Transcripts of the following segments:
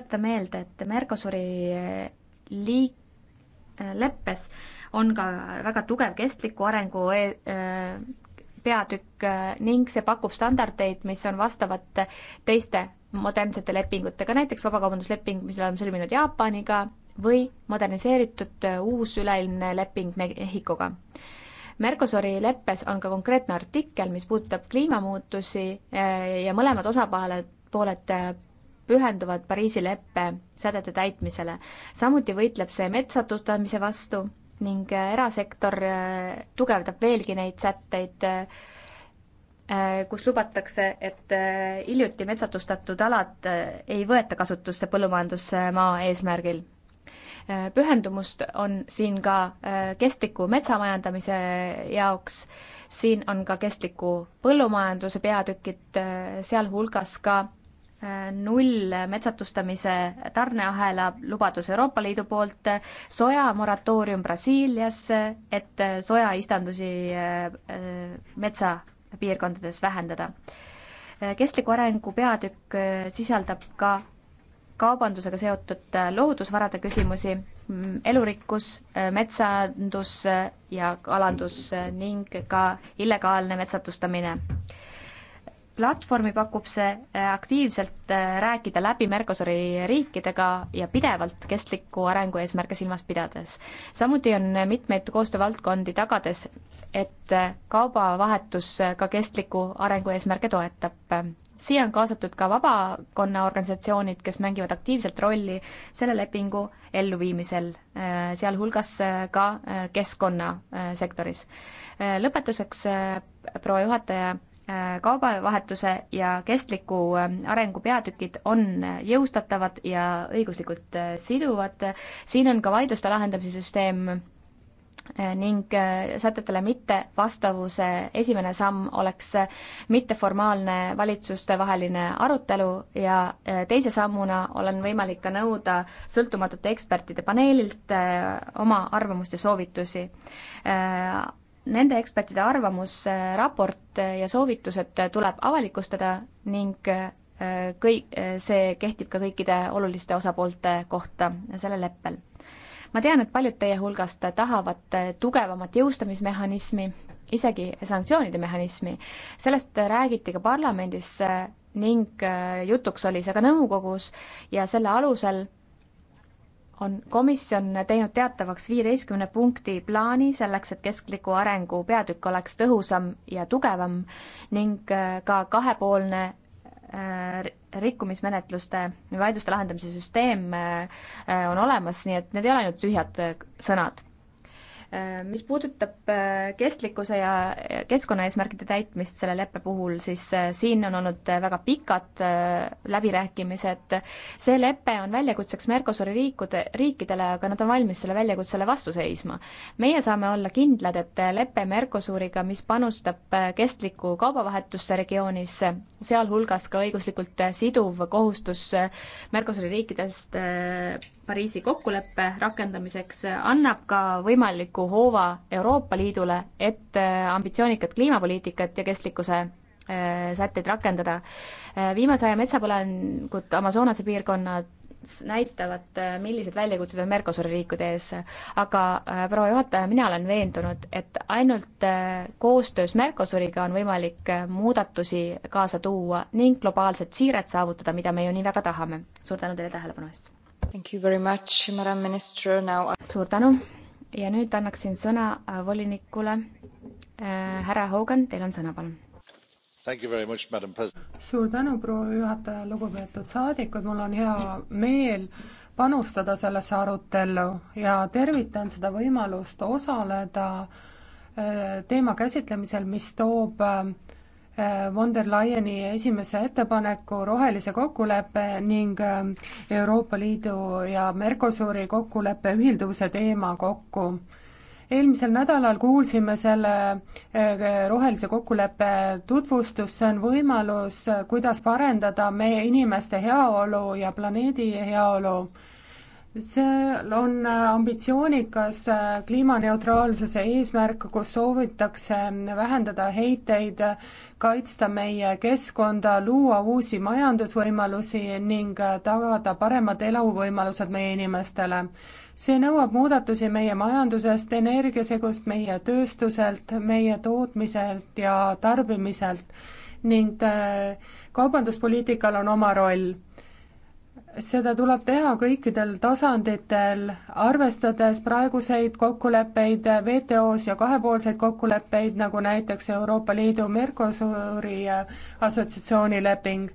tuletan meelde, et Mercosuri liik-, leppes on ka väga tugev kestliku arengu e e peatükk e, ning see pakub standardeid, mis on vastavad teiste modernsete lepingutega, näiteks vabakaubandusleping, mis oleme sõlminud Jaapaniga või moderniseeritud e, uus üleilmne leping Mehhikoga. Mercosuri leppes on ka konkreetne artikkel, mis puudutab kliimamuutusi e, ja mõlemad osapooled pooled pühenduvad Pariisi leppe sätete täitmisele. samuti võitleb see metsatustamise vastu ning äh, erasektor äh, tugevdab veelgi neid sätteid, äh, kus lubatakse, et hiljuti metsatustatud alad ei võeta kasutusse põllumajandusmaa eesmärgil. pühendumust on siin ka kestliku metsamajandamise jaoks, siin on ka kestliku põllumajanduse peatükid, sealhulgas ka null metsatustamise tarneahela lubadus Euroopa Liidu poolt, soja moratoorium Brasiilias, et sojaistandusi äh, äh, metsapiirkondades vähendada. kestliku arengu peatükk äh, sisaldab ka kaubandusega seotud loodusvarade küsimusi, mm, elurikkus, metsandus ja kalandus ning ka illegaalne metsatustamine platvormi pakub see äh, aktiivselt äh, rääkida läbi Mercosuri riikidega ja pidevalt kestliku arengu eesmärke silmas pidades. samuti on mitmeid koostöövaldkondi tagades, et äh, kaubavahetus ka kestliku arengu eesmärke toetab. siia on kaasatud ka vabakonna organisatsioonid, kes mängivad aktiivselt rolli selle lepingu elluviimisel, sealhulgas ka keskkonnasektoris. lõpetuseks, proua juhataja kaubavahetuse ja kestliku äh, arengu peatükid on äh, jõustatavad ja õiguslikult äh, siduvad. siin on ka vaidluste lahendamise süsteem ning sätetele mittevastavuse esimene samm oleks mitteformaalne valitsustevaheline arutelu ja teise sammuna olen võimalik ka nõuda sõltumatute ekspertide paneelilt oma arvamust ja soovitusi nende ekspertide arvamus, äh, raport äh, ja soovitused äh, tuleb avalikustada ning kõik, see kehtib ka kõikide oluliste osapoolte kohta sellel leppel. ma tean, et paljud teie hulgast tahavad tugevamat jõustamismehhanismi, isegi sanktsioonide mehhanismi. sellest räägiti ka parlamendis ning jutuks oli see ka nõukogus ja selle alusel on komisjon teinud teatavaks viieteistkümne punkti plaani selleks, et kestliku arengu peatükk oleks tõhusam ja tugevam ning äh, ka kahepoolne äh, rikkumismenetluste vaidluste lahendamise süsteem äh, on olemas, nii et need ei ole ainult tühjad sõnad Äh, mis puudutab äh, kestlikkuse ja keskkonnaeesmärkide täitmist selle leppe puhul, siis äh, siin on olnud väga pikad läbirääkimised. see lepe on väljakutseks Mercosuri riikude, riikidele, aga nad on valmis selle väljakutsele vastu seisma. meie saame olla kindlad, et lepe Mercosuriga, mis panustab kestlikku kaubavahetusse regioonis, sealhulgas ka õiguslikult siduv kohustus Mercosuri riikidest Pariisi kokkuleppe rakendamiseks annab ka võimaliku hoova Euroopa Liidule, et äh, ambitsioonikat kliimapoliitikat ja kestlikkuse äh, sätteid rakendada. Äh, viimase aja metsapõlengud Amazonase piirkonnas näitavad, millised väljakutsed on Mercosuri riikide ees. aga proua juhataja, mina olen veendunud, et ainult koostöös Mercosuriga on võimalik muudatusi kaasa tuua ning globaalset siiret saavutada, mida me ju nii väga tahame. suur tänu teile tähelepanu eest! suur tänu ja nüüd annaksin sõna äh, volinikule. Äh, härra Hogan, teil on sõna, palun. suur tänu, proua juhataja, lugupeetud saadikud, mul on hea meel panustada sellesse arutellu ja tervitan seda võimalust osaleda äh, teema käsitlemisel, mis toob von der Leyeni esimese ettepaneku rohelise kokkuleppe ning äh, Euroopa Liidu ja Mercosuri kokkuleppe ühilduvuse teema kokku. eelmisel nädalal kuulsime selle äh, rohelise kokkuleppe tutvustust, see on võimalus, äh, kuidas parendada meie inimeste heaolu ja planeedi heaolu seal on äh, ambitsioonikas äh, kliimaneutraalsuse eesmärk, kus soovitakse mm, vähendada heiteid, kaitsta meie keskkonda, luua uusi majandusvõimalusi ning äh, tagada paremad eluvõimalused meie inimestele. see nõuab muudatusi meie majandusest, energiasegust, meie tööstuselt, meie tootmiselt ja tarbimiselt ning kaubanduspoliitikal on oma roll seda tuleb teha kõikidel tasanditel, arvestades praeguseid kokkuleppeid WTO-s ja kahepoolseid kokkuleppeid, nagu näiteks Euroopa Liidu Mercosuri äh, assotsiatsioonileping.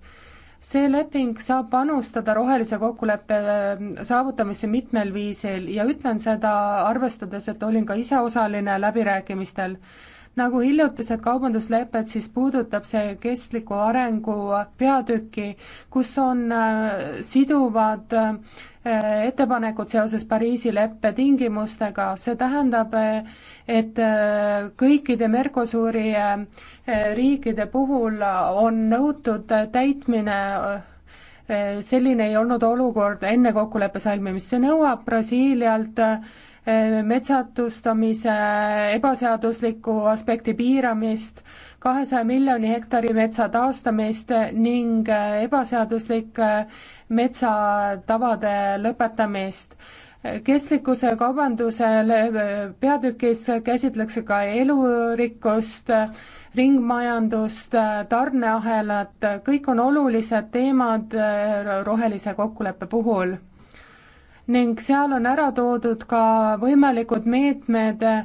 see leping saab panustada rohelise kokkuleppe äh, saavutamisse mitmel viisil ja ütlen seda arvestades, et olin ka ise osaline läbirääkimistel nagu hiljutised kaubanduslepped, siis puudutab see kestliku arengu peatüki, kus on äh, siduvad äh, ettepanekud seoses Pariisi leppe tingimustega, see tähendab, äh, et kõikide Mercosuri riikide puhul on nõutud täitmine selline ei olnud olukord enne kokkuleppe sõlmimist, see nõuab Brasiilialt metsatustamise ebaseaduslikku aspekti piiramist, kahesaja miljoni hektari metsa taastamist ning ebaseaduslike metsatavade lõpetamist kestlikkuse kaubanduse peatükis käsitletakse ka elurikkust, ringmajandust, tarneahelat, kõik on olulised teemad rohelise kokkuleppe puhul ning seal on ära toodud ka võimalikud meetmed eh,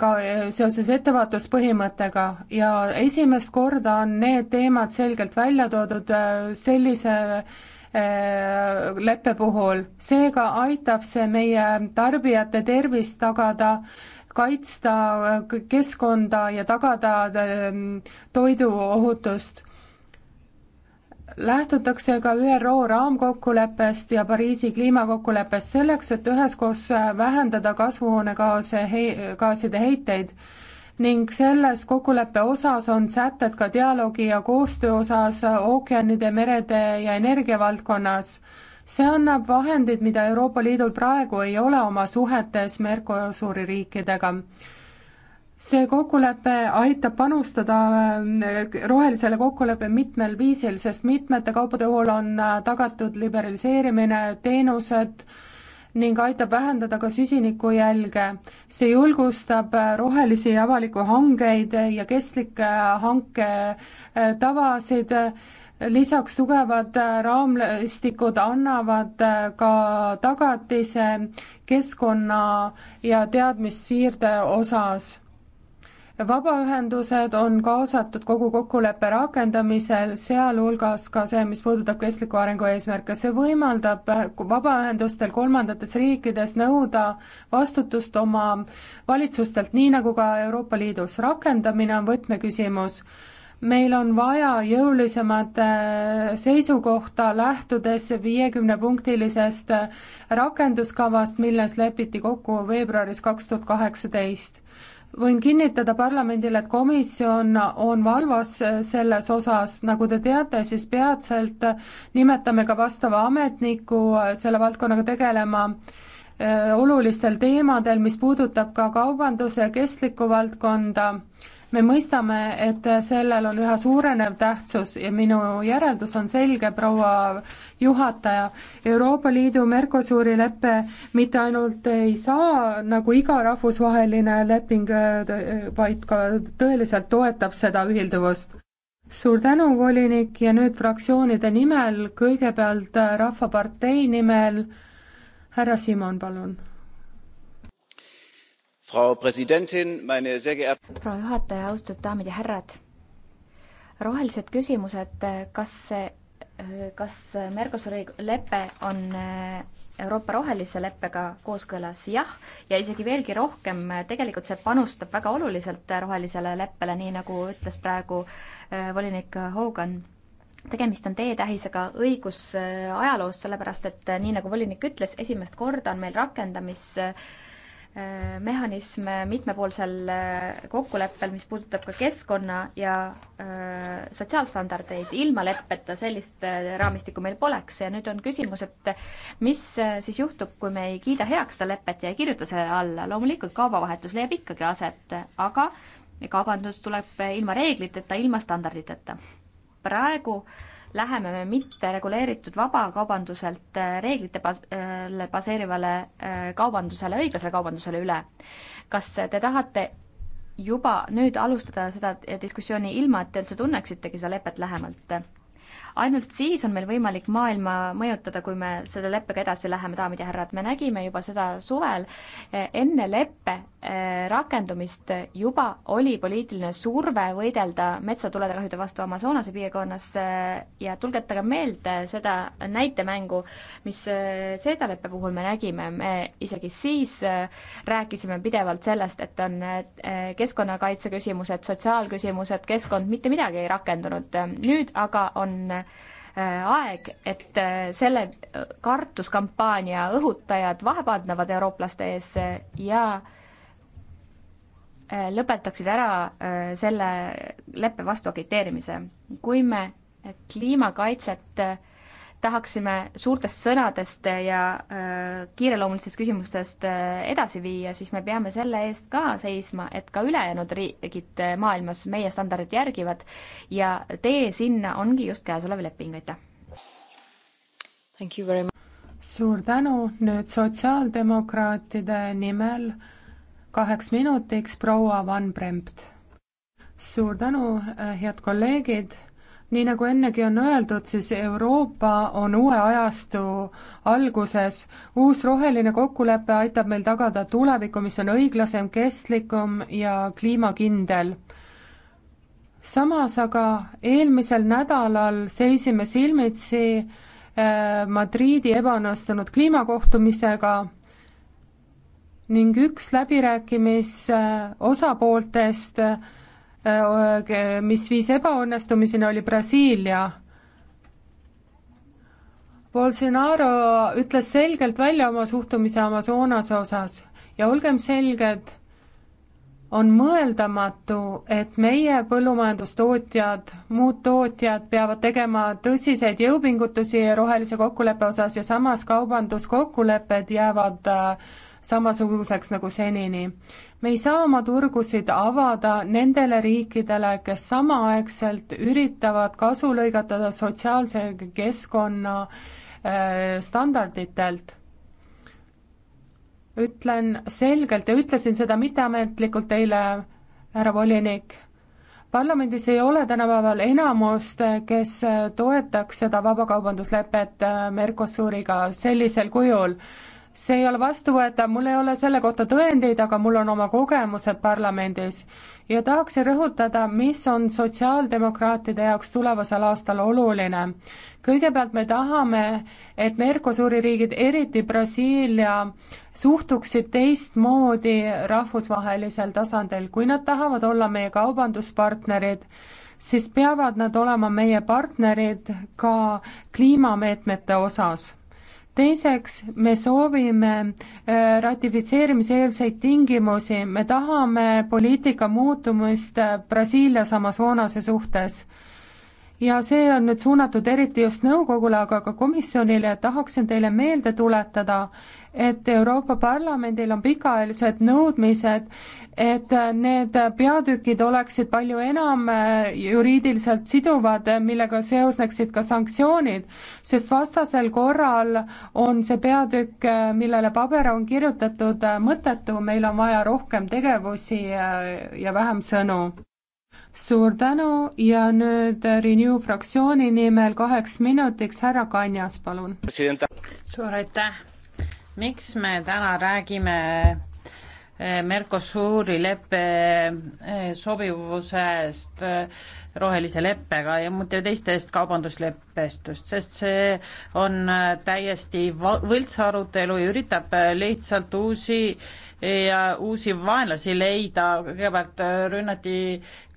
ka eh, seoses ettevaatuspõhimõttega ja esimest korda on need teemad selgelt välja toodud eh, sellise leppe puhul, seega aitab see meie tarbijate tervist tagada, kaitsta keskkonda ja tagada toiduohutust lähtutakse ka ÜRO raamkokkuleppest ja Pariisi kliimakokkuleppest selleks, et üheskoos vähendada kasvuhoonegaase hei,, gaaside heiteid ning selles kokkuleppe osas on sätted ka dialoogi ja koostöö osas ookeanide, merede ja energia valdkonnas. see annab vahendid, mida Euroopa Liidul praegu ei ole oma suhetes Mercosuri riikidega see kokkulepe aitab panustada äh, rohelisele kokkuleppe mitmel viisil, sest mitmete kaupade puhul on äh, tagatud liberaliseerimine, teenused ning aitab vähendada ka süsinikujälge. see julgustab äh, rohelisi avaliku hangeid ja kestlikke hanketavasid lisaks tugevad raamlistikud annavad ka tagatise keskkonna ja teadmissiirde osas vabaühendused on kaasatud kogu kokkuleppe rakendamisel, sealhulgas ka see, mis puudutab kestliku arengu eesmärke. see võimaldab eh, vabaühendustel kolmandates riikides nõuda vastutust oma valitsustelt, nii nagu ka Euroopa Liidus. rakendamine on võtmeküsimus. meil on vaja jõulisemat eh, seisukohta, lähtudes viiekümnepunktilisest eh, rakenduskavast, milles lepiti kokku veebruaris kaks tuhat kaheksateist võin kinnitada parlamendile, et komisjon on valvas selles osas, nagu te teate, siis peatselt nimetame ka vastava ametniku selle valdkonnaga tegelema eh, olulistel teemadel, mis puudutab ka kaubanduse kestlikku valdkonda me mõistame, et sellel on üha suurenev tähtsus ja minu järeldus on selge, proua juhataja, Euroopa Liidu Mercosuri lepe mitte ainult ei saa nagu iga rahvusvaheline leping, vaid ka tõeliselt toetab seda ühilduvust. suur tänu, volinik, ja nüüd fraktsioonide nimel, kõigepealt Rahvapartei nimel härra Simon, palun proua juhataja, austatud daamid ja härrad. rohelised küsimused, kas, kas Mercosuri lepe on äh, Euroopa rohelise leppega kooskõlas jah, ja isegi veelgi rohkem, tegelikult see panustab väga oluliselt rohelisele leppele, nii nagu ütles praegu äh, volinik Hogan. tegemist on teetähisega õigusajaloost, sellepärast et äh, nii nagu volinik ütles, esimest korda on meil rakendamis äh, mehhanism mitmepoolsel äh, kokkuleppel, mis puudutab ka keskkonna ja äh, sotsiaalstandardeid. ilma leppeta sellist äh, raamistikku meil poleks ja nüüd on küsimus, et mis siis juhtub, kui me ei kiida heaks seda lepet ja ei kirjuta selle alla. loomulikult kaubavahetus leiab ikkagi aset, aga kaubandus tuleb ilma reegliteta, ilma standarditeta. praegu äh, läheme me mitte reguleeritud vabakaubanduselt äh, reeglite bas-, äh, baseerivale äh, kaubandusele, õiglasele kaubandusele üle. kas te tahate juba nüüd alustada seda diskussiooni ilma, et te üldse tunneksitegi seda lepet lähemalt? ainult siis on meil võimalik maailma mõjutada, kui me selle leppega edasi läheme, daamid ja härrad, me nägime juba seda suvel, e, enne leppe Äh, rakendumist juba oli poliitiline surve võidelda metsatulede kahjude vastu Amazonase piirkonnas äh, ja tulgetage meelde seda näitemängu, mis äh, seedaleppe puhul me nägime, me isegi siis rääkisime pidevalt sellest, et on keskkonnakaitse küsimused, sotsiaalküsimused, keskkond, mitte midagi ei rakendunud. nüüd aga on aeg, et selle kartuskampaania õhutajad vahepeal annavad eurooplaste ees ja äh, Äh, lõpetaksid ära äh, selle leppe vastu agiteerimise. kui me kliimakaitset äh, tahaksime suurtest sõnadest ja kiireloomulistest küsimustest edasi viia, siis me peame selle eest ka seisma, et ka ülejäänud riigid maailmas meie standardit järgivad ja tee sinna ongi just käesolev leping, aitäh! suur tänu, nüüd sotsiaaldemokraatide nimel kaheks minutiks proua Van Brempt. suur tänu, eh, head kolleegid, nii nagu ennegi on öeldud, siis Euroopa on uue ajastu alguses. uus roheline kokkulepe aitab meil tagada tulevikku, mis on õiglasem, kestlikum ja kliimakindel samas aga eelmisel nädalal seisime silmitsi eh, Madriidi ebaõnnestunud kliimakohtumisega ning üks läbirääkimisosapooltest, äh, mis viis ebaõnnestumiseni, oli Brasiilia Bolsonaro ütles selgelt välja oma suhtumise Amazonase osas ja olgem selged, on mõeldamatu, et meie põllumajandustootjad, muud tootjad peavad tegema tõsiseid jõupingutusi rohelise kokkuleppe osas ja samas kaubanduskokkulepped jäävad äh, samasuguseks nagu senini. me ei saa oma turgusid avada nendele riikidele, kes samaaegselt üritavad kasu lõigata sotsiaalse keskkonna äh, standarditelt ütlen selgelt ja ütlesin seda mitteametlikult teile, härra volinik, parlamendis ei ole tänapäeval enamust, kes toetaks seda vabakaubanduslepet äh, Mercosuriga sellisel kujul see ei ole vastuvõetav, mul ei ole selle kohta tõendeid, aga mul on oma kogemused parlamendis. ja tahaksin rõhutada, mis on sotsiaaldemokraatide jaoks tulevasel aastal oluline. kõigepealt me tahame, et Mercosuri riigid, eriti Brasiilia, suhtuksid teistmoodi rahvusvahelisel tasandil, kui nad tahavad olla meie kaubanduspartnerid, siis peavad nad olema meie partnerid ka kliimameetmete osas teiseks, me soovime äh, ratifitseerimiseelseid tingimusi, me tahame poliitika muutumist äh, Brasiilias Amazonase suhtes. ja see on nüüd suunatud eriti just nõukogule, aga ka komisjonile, tahaksin teile meelde tuletada, et Euroopa Parlamendil on pikaajalised nõudmised, et need peatükid oleksid palju enam äh, juriidiliselt siduvad, millega seosneksid ka sanktsioonid, sest vastasel korral on see peatükk, äh, millele paber on kirjutatud, äh, mõttetu, meil on vaja rohkem tegevusi ja vähem sõnu. suur tänu ja nüüd Renew fraktsiooni nimel kaheks minutiks härra Kanjas, palun. suur aitäh miks me täna räägime eh, Mercosuri leppe eh, sobivusest eh, rohelise leppega ja muide teistest kaubandusleppestust, sest see on täiesti võlts arutelu ja üritab lihtsalt uusi ja uusi vaenlasi leida, kõigepealt rünnati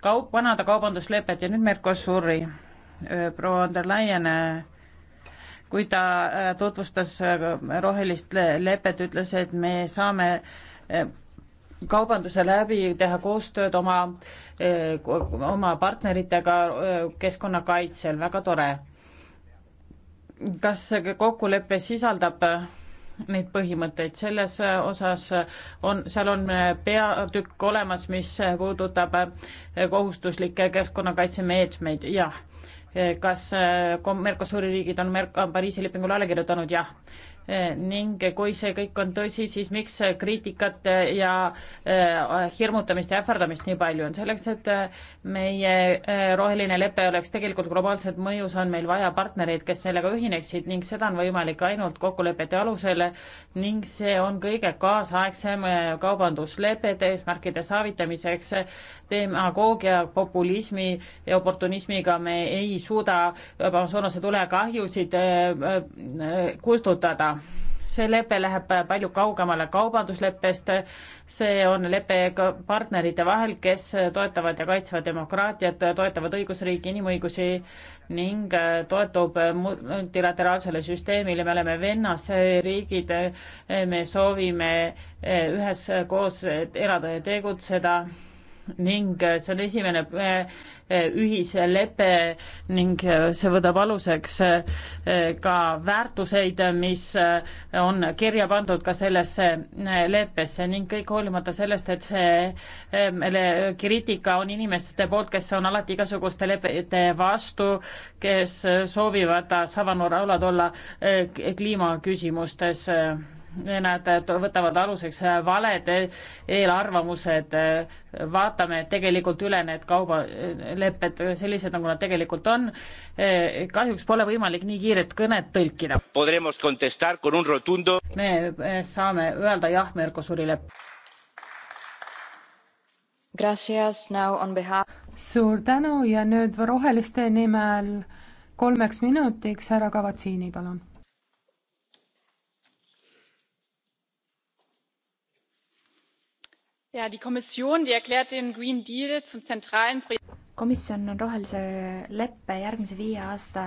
kaup, Kanada kaubanduslepet ja nüüd Mercosuri. proua von der Leyen kui ta äh, tutvustas äh, rohelist lepet, ütles, et me saame äh, kaubanduse läbi teha koostööd oma, oma partneritega keskkonnakaitsel, väga tore. kas kokkulepe sisaldab neid põhimõtteid, selles osas on, seal on peatükk olemas, mis puudutab kohustuslikke keskkonnakaitsemeetmeid, jah. Eh, kas eh, Mercosuri riigid on Mer-, Pariisi lepingule alla kirjutanud, jah ning kui see kõik on tõsi, siis miks kriitikat ja äh, hirmutamist ja ähvardamist nii palju on, selleks et äh, meie äh, roheline lepe oleks tegelikult globaalselt mõjus, on meil vaja partnereid, kes sellega ühineksid ning seda on võimalik ainult kokkulepete alusel ning see on kõige kaasaegsem kaubanduslepede eesmärkide saavitamiseks. demagoogia, populismi ja oportunismiga me ei suuda Amazonase tulekahjusid kustutada see lepe läheb palju kaugemale kaubandusleppest, see on lepe ka partnerite vahel, kes toetavad ja kaitsevad demokraatiat, toetavad õigusriigi inimõigusi ning toetub multilateraalsele süsteemile, me oleme vennasriigid, me soovime üheskoos elada ja tegutseda ning äh, see on esimene äh, äh, ühislepe ning see võtab aluseks ka väärtuseid, mis on kirja pandud ka sellesse leppesse ning kõik hoolimata sellest, et see kriitika on inimeste poolt, kes on alati igasuguste lepete vastu, kes soovivad savanurraulad olla kliimaküsimustes nad võtavad aluseks valed eelarvamused, vaatame tegelikult üle need kaubalepped sellised, nagu nad tegelikult on. kahjuks pole võimalik nii kiiret kõnet tõlkida. me saame öelda jah Mercosurile. suur tänu ja nüüd roheliste nimel kolmeks minutiks härra Kavatsiini, palun komisjon on rohelise leppe järgmise viie aasta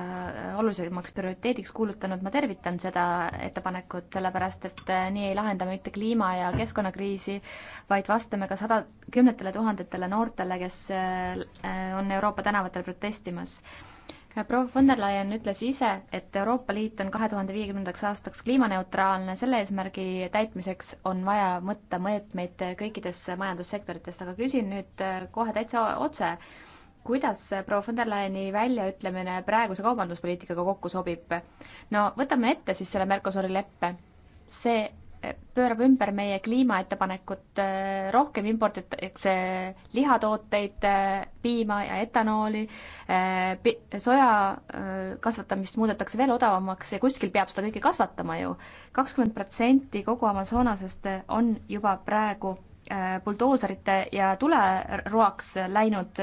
olulisemaks äh, prioriteediks kuulutanud, ma tervitan seda ettepanekut, sellepärast et äh, nii ei lahenda mitte kliima- ja keskkonnakriisi, vaid vastame ka sada, kümnetele tuhandetele noortele, kes äh, on Euroopa tänavatel protestimas proua von der Leyen ütles ise, et Euroopa Liit on kahe tuhande viiekümnendaks aastaks kliimaneutraalne, selle eesmärgi täitmiseks on vaja võtta meetmeid kõikides majandussektoritest, aga küsin nüüd äh, kohe täitsa otse, kuidas äh, proua von der Leyeni väljaütlemine praeguse kaubanduspoliitikaga kokku sobib? no võtame ette siis selle Mercosuri leppe. see pöörab ümber meie kliimaettepanekut, äh, rohkem imporditakse lihatooteid, äh, piima ja etanooli, äh, soja kasvatamist muudetakse veel odavamaks ja kuskil peab seda kõike kasvatama ju. kakskümmend protsenti kogu Amazonasest on juba praegu buldooserite ja tuleroaks läinud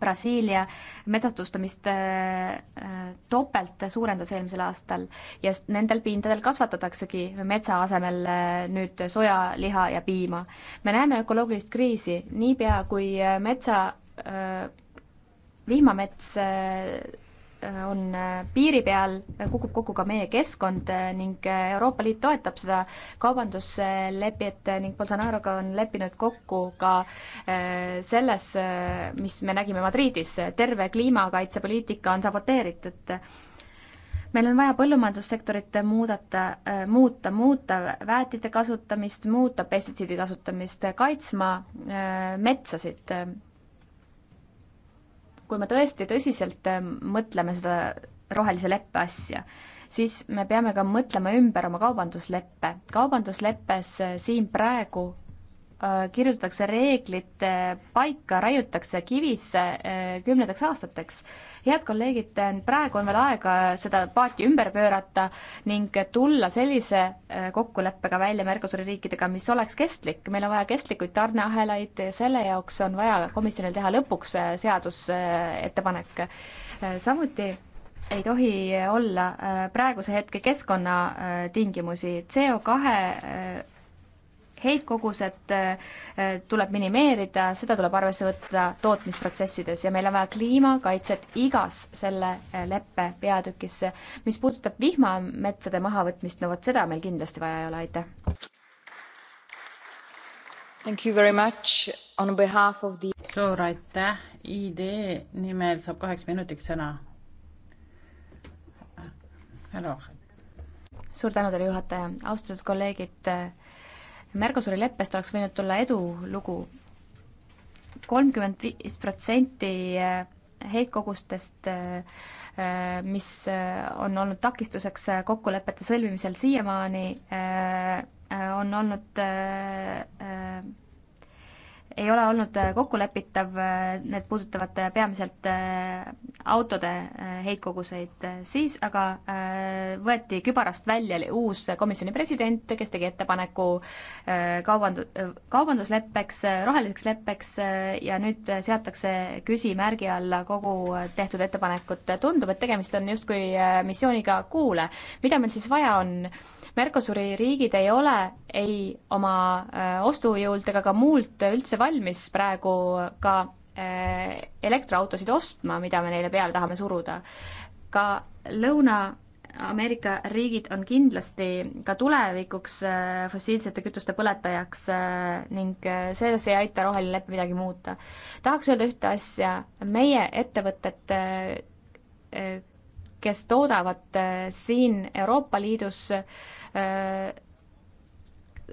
Brasiilia metsastustamist äh, äh, topelt suurendas eelmisel aastal ja nendel pindadel kasvatataksegi metsa asemel äh, nüüd soja, liha ja piima. me näeme ökoloogilist kriisi, niipea kui metsa vihmamets Äh, on äh, piiri peal, kukub kokku ka meie keskkond äh, ning Euroopa Liit toetab seda kaubanduslepet ning Bolsonaroga on leppinud kokku ka selles, mis me nägime Madridis, terve kliimakaitsepoliitika on saboteeritud meil on vaja põllumajandussektorit muudata, muuta, muuta väetite kasutamist, muuta pestitsiidi kasutamist, kaitsma metsasid kui me tõesti tõsiselt äh, mõtleme seda rohelise leppe asja, siis me peame ka mõtlema ümber oma kaubandusleppe. kaubandusleppes äh, siin praegu Äh, kirjutatakse reeglid paika, raiutakse kivisse äh, kümnendaks aastateks. head kolleegid, praegu on veel aega seda paati ümber pöörata ning tulla sellise äh, kokkuleppega välja Mercosuri riikidega, mis oleks kestlik. meil on vaja kestlikuid tarneahelaid, selle jaoks on vaja komisjonil teha lõpuks seadusettepanek. samuti ei tohi olla praeguse hetke keskkonnatingimusi, CO kahe heitkogused äh, äh, tuleb minimeerida, seda tuleb arvesse võtta tootmisprotsessides ja meil on vaja kliimakaitset igas selle äh, leppe peatükis. mis puudutab vihmametsade mahavõtmist, no vot seda meil kindlasti vaja ei ole, aitäh. Thank you very much on behalf of the. suur aitäh, ID nimel saab kaheks minutiks sõna. härra Vahel suur tänu teile, juhataja, austatud kolleegid, Mercosuri leppest oleks võinud tulla edulugu. kolmkümmend viis protsenti eh, heitkogustest, eh, eh, mis on olnud takistuseks kokkulepete sõlmimisel siiamaani, on olnud ei ole olnud äh, kokkulepitav, äh, need puudutavad äh, peamiselt autode heitkoguseid. siis aga võeti kübarast välja uus komisjoni president, kes tegi ettepaneku kaubandu-, kaubandusleppeks, roheliseks leppeks ja nüüd seatakse küsimärgi alla kogu tehtud ettepanekut. tundub, et tegemist on justkui missiooniga kuule. mida meil siis vaja on? Mercosuri riigid ei ole ei oma äh, ostujõult ega ka muult üldse valmis praegu ka äh, elektriautosid ostma, mida me neile peale tahame suruda. ka Lõuna-Ameerika riigid on kindlasti ka tulevikuks äh, fossiilsete kütuste põletajaks ning selles ei aita roheline lepe midagi muuta. tahaks öelda ühte asja, meie ettevõtted kes toodavad siin Euroopa Liidus Äh,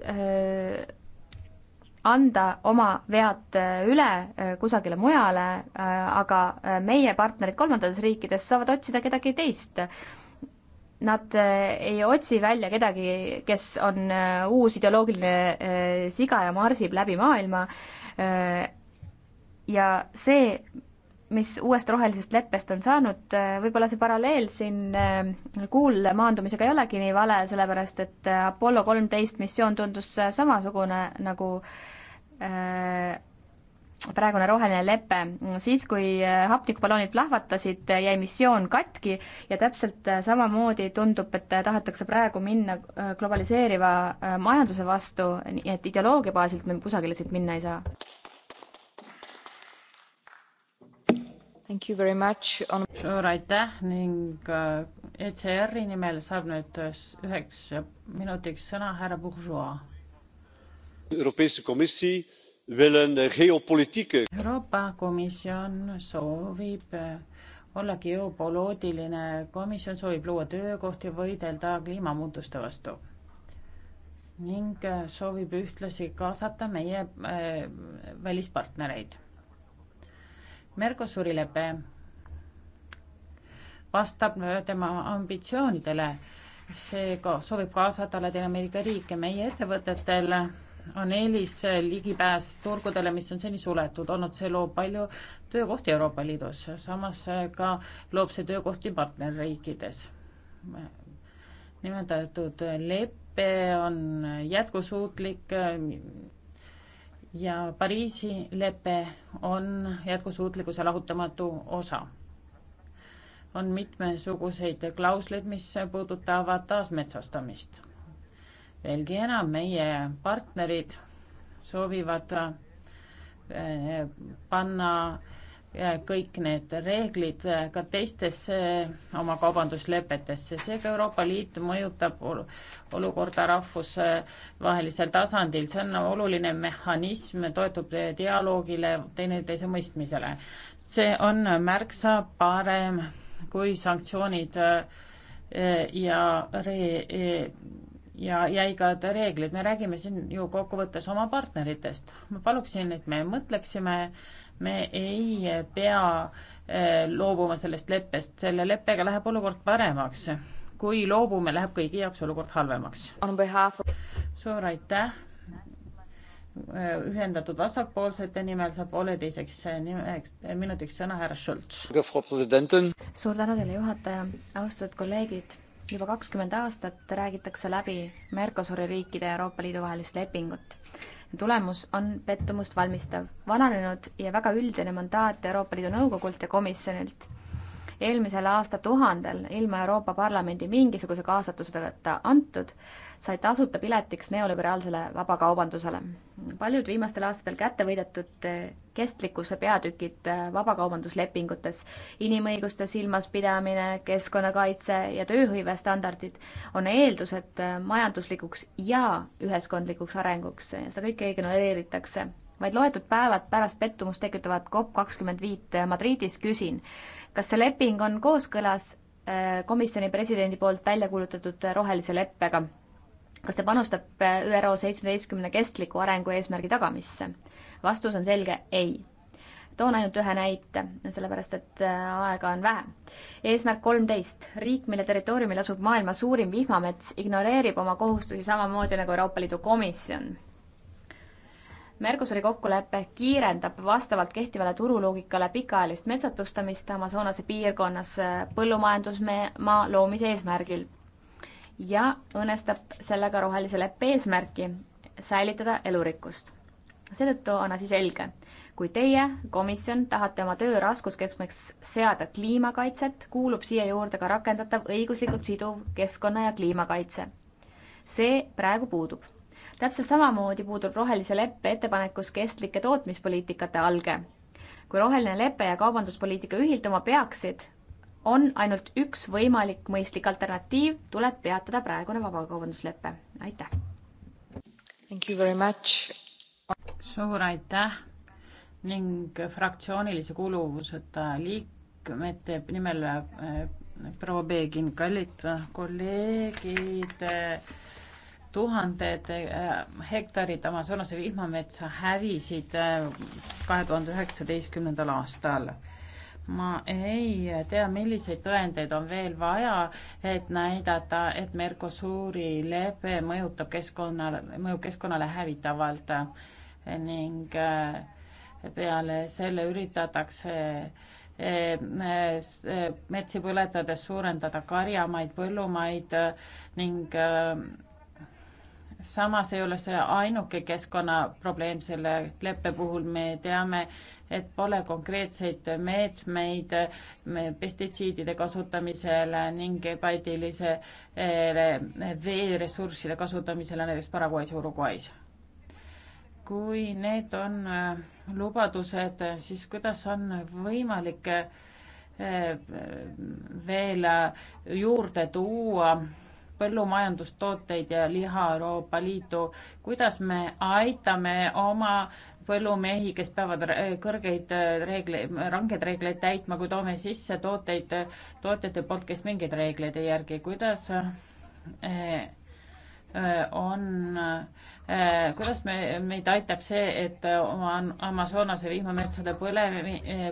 äh, anda oma vead äh, üle kusagile mujale, aga meie partnerid kolmandates riikides saavad otsida kedagi teist nad ei otsi välja kedagi, kes on uus ideoloogiline siga ja marsib läbi maailma. ja see, mis uuest rohelisest leppest on saanud, äh, võib-olla see paralleel siin äh, kuul maandumisega ei olegi nii vale, sellepärast et äh, Apollo kolmteist missioon tundus samasugune nagu praegune roheline lepe, siis kui hapnikuballonid plahvatasid, jäi missioon katki ja täpselt samamoodi tundub, et tahetakse praegu minna globaliseeriva majanduse vastu, nii et ideoloogia baasilt me kusagile siit minna ei saa. On... suur aitäh ning äh, ECR-i nimel saab nüüd äh, üheks minutiks sõna härra Bourgeois. Euroopa Komisjon soovib äh, ollagi jõupoliitiline komisjon, soovib luua töökohti, võidelda kliimamuutuste vastu ning soovib ühtlasi kaasata meie välispartnereid Mercosuri lepe vastab tema ambitsioonidele, seega soovib kaasata Ladina-Ameerika riike, meie ettevõtetel on eelis ligipääs turgudele, mis on seni suletud olnud, see loob palju töökohti Euroopa Liidus, samas ka loob see töökohti partnerriikides. nimetatud lepe on jätkusuutlik ja Pariisi lepe on jätkusuutlikkuse lahutamatu osa. on mitmesuguseid klausleid, mis puudutavad taasmetsastamist. veelgi enam, meie partnerid soovivad eh, panna kõik need reeglid eh, ka teistesse eh, oma kaubanduslepetesse, seega Euroopa Liit mõjutab olukorda rahvusvahelisel tasandil, see on oluline mehhanism, toetub dialoogile, teineteise mõistmisele. see on märksa parem kui sanktsioonid eh, ja re-, ja jäigad reeglid, me räägime siin ju kokkuvõttes oma partneritest. ma paluksin, et me mõtleksime me ei pea eh, loobuma sellest leppest, selle leppega läheb olukord paremaks. kui loobume, läheb kõigi jaoks olukord halvemaks. suur aitäh. ühendatud vasakpoolsete nimel saab pooleteiseks eh, nimeks, eh, minutiks sõna härra Schultz. suur tänu teile, juhataja, austatud kolleegid juba kakskümmend aastat räägitakse läbi Mercosuri riikide ja Euroopa Liidu vahelist lepingut tulemus on pettumust valmistav, vananenud ja väga üldine mandaat Euroopa Liidu Nõukogult ja komisjonilt eelmisel aastatuhandel ilma Euroopa Parlamendi mingisuguse kaasatuseta antud sai tasuta piletiks neoliberaalsele vabakaubandusele. paljud viimastel aastatel kätte võidetud eh, kestlikkuse peatükid eh, vabakaubanduslepingutes, inimõiguste silmaspidamine, keskkonnakaitse ja tööhõivestandardid on eeldused eh, majanduslikuks ja ühiskondlikuks arenguks, seda kõike ignoreeritakse vaid loetud päevad pärast pettumust tekitavat COP kakskümmend viit Madridis küsin, kas see leping on kooskõlas komisjoni presidendi poolt välja kuulutatud rohelise leppega, kas ta panustab ÜRO seitsmeteistkümne kestliku arengu eesmärgi tagamisse? vastus on selge ei. toon ainult ühe näite, sellepärast et äh, aega on vähe. eesmärk kolmteist, riik, mille territooriumil asub maailma suurim vihmamets, ignoreerib oma kohustusi samamoodi nagu Euroopa Liidu Komisjon. Mercosuri kokkulepe kiirendab vastavalt kehtivale turuloogikale pikaajalist metsatustamist Amazonase piirkonnas äh, põllumajandusmaa loomise eesmärgil ja õõnestab sellega rohelise leppe eesmärki säilitada elurikkust. seetõttu on asi selge. kui teie, komisjon, tahate oma töö raskuskeskmeks seada kliimakaitset, kuulub siia juurde ka rakendatav õiguslikult siduv keskkonna ja kliimakaitse. see praegu puudub. täpselt samamoodi puudub rohelise leppe ettepanekus kestlike tootmispoliitikate alge. kui roheline lepe ja kaubanduspoliitika ühilduma peaksid, on ainult üks võimalik mõistlik alternatiiv, tuleb peatada praegune vabakaubanduslepe. aitäh! suur aitäh ning fraktsioonilise kuuluvuseta liikmete nimel äh, proua Beegin, kallid kolleegid äh,, tuhanded äh, hektarid Amazonase vihmametsa hävisid kahe tuhande üheksateistkümnendal aastal ma ei tea, milliseid tõendeid on veel vaja, et näidata, et Mercosuri lepe mõjutab keskkonnale, mõjub keskkonnale hävitavalt ning äh, peale selle üritatakse äh, äh, metsi põletades suurendada karjamaid, põllumaid ning samas ei ole see ainuke keskkonnaprobleem selle leppe puhul, me teame, et pole konkreetseid meetmeid pestitsiidide kasutamisele ning ebaeetilise veeressursside kasutamisele näiteks Paraguay's ja Uruguay's. kui need on äh, lubadused, siis kuidas on võimalik äh, äh, veel juurde tuua põllumajandustooteid ja liha Euroopa Liitu, kuidas me aitame oma põllumehi, kes peavad kõrgeid reegleid, rangeid reegleid täitma, kui toome sisse tooteid tootjate poolt, kes mingeid reegleid ei järgi, kuidas eh, eh, on, eh, kuidas me, meid aitab see, et oma Amazonase vihmametsade põle,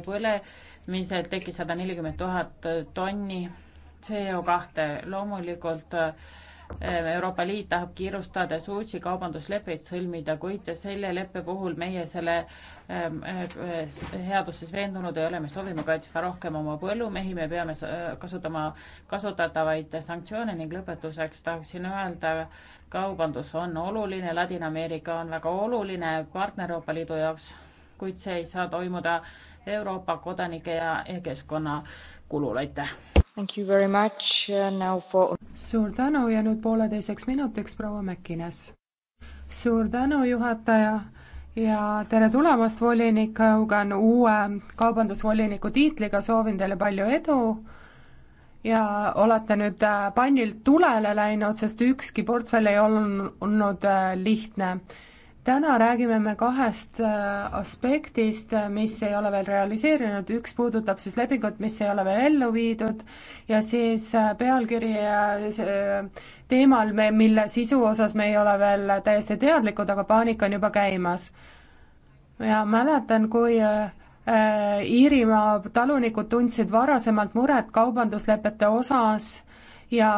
põlemisel tekkis sada nelikümmend tuhat tonni CO kahte. loomulikult äh, Euroopa Liit tahab kiirustades uusi kaubandusleppeid sõlmida, kuid selle leppe puhul meie selle ähm, äh, headuses veendunud ei ole, me soovime kaitsta rohkem oma põllumehi, me peame äh, kasutama kasutatavaid sanktsioone ning lõpetuseks tahaksin öelda, kaubandus on oluline, Ladina-Ameerika on väga oluline partner Euroopa Liidu jaoks, kuid see ei saa toimuda Euroopa kodanike ja keskkonna kulul, aitäh! Uh, for... suur tänu ja nüüd pooleteiseks minutiks proua Mäkkines. suur tänu, juhataja ja tere tulemast, volinik Haugan, uue kaubandusvoliniku tiitliga, soovin teile palju edu ja olete nüüd äh, pannilt tulele läinud, sest ükski portfell ei olnud äh, lihtne täna räägime me kahest äh, aspektist, äh, mis ei ole veel realiseerinud, üks puudutab siis lepingut, mis ei ole veel ellu viidud ja siis äh, pealkiri teemal, mille sisu osas me ei ole veel täiesti teadlikud, aga paanika on juba käimas. ja mäletan, kui Iirimaa talunikud tundsid varasemalt muret kaubanduslepete osas ja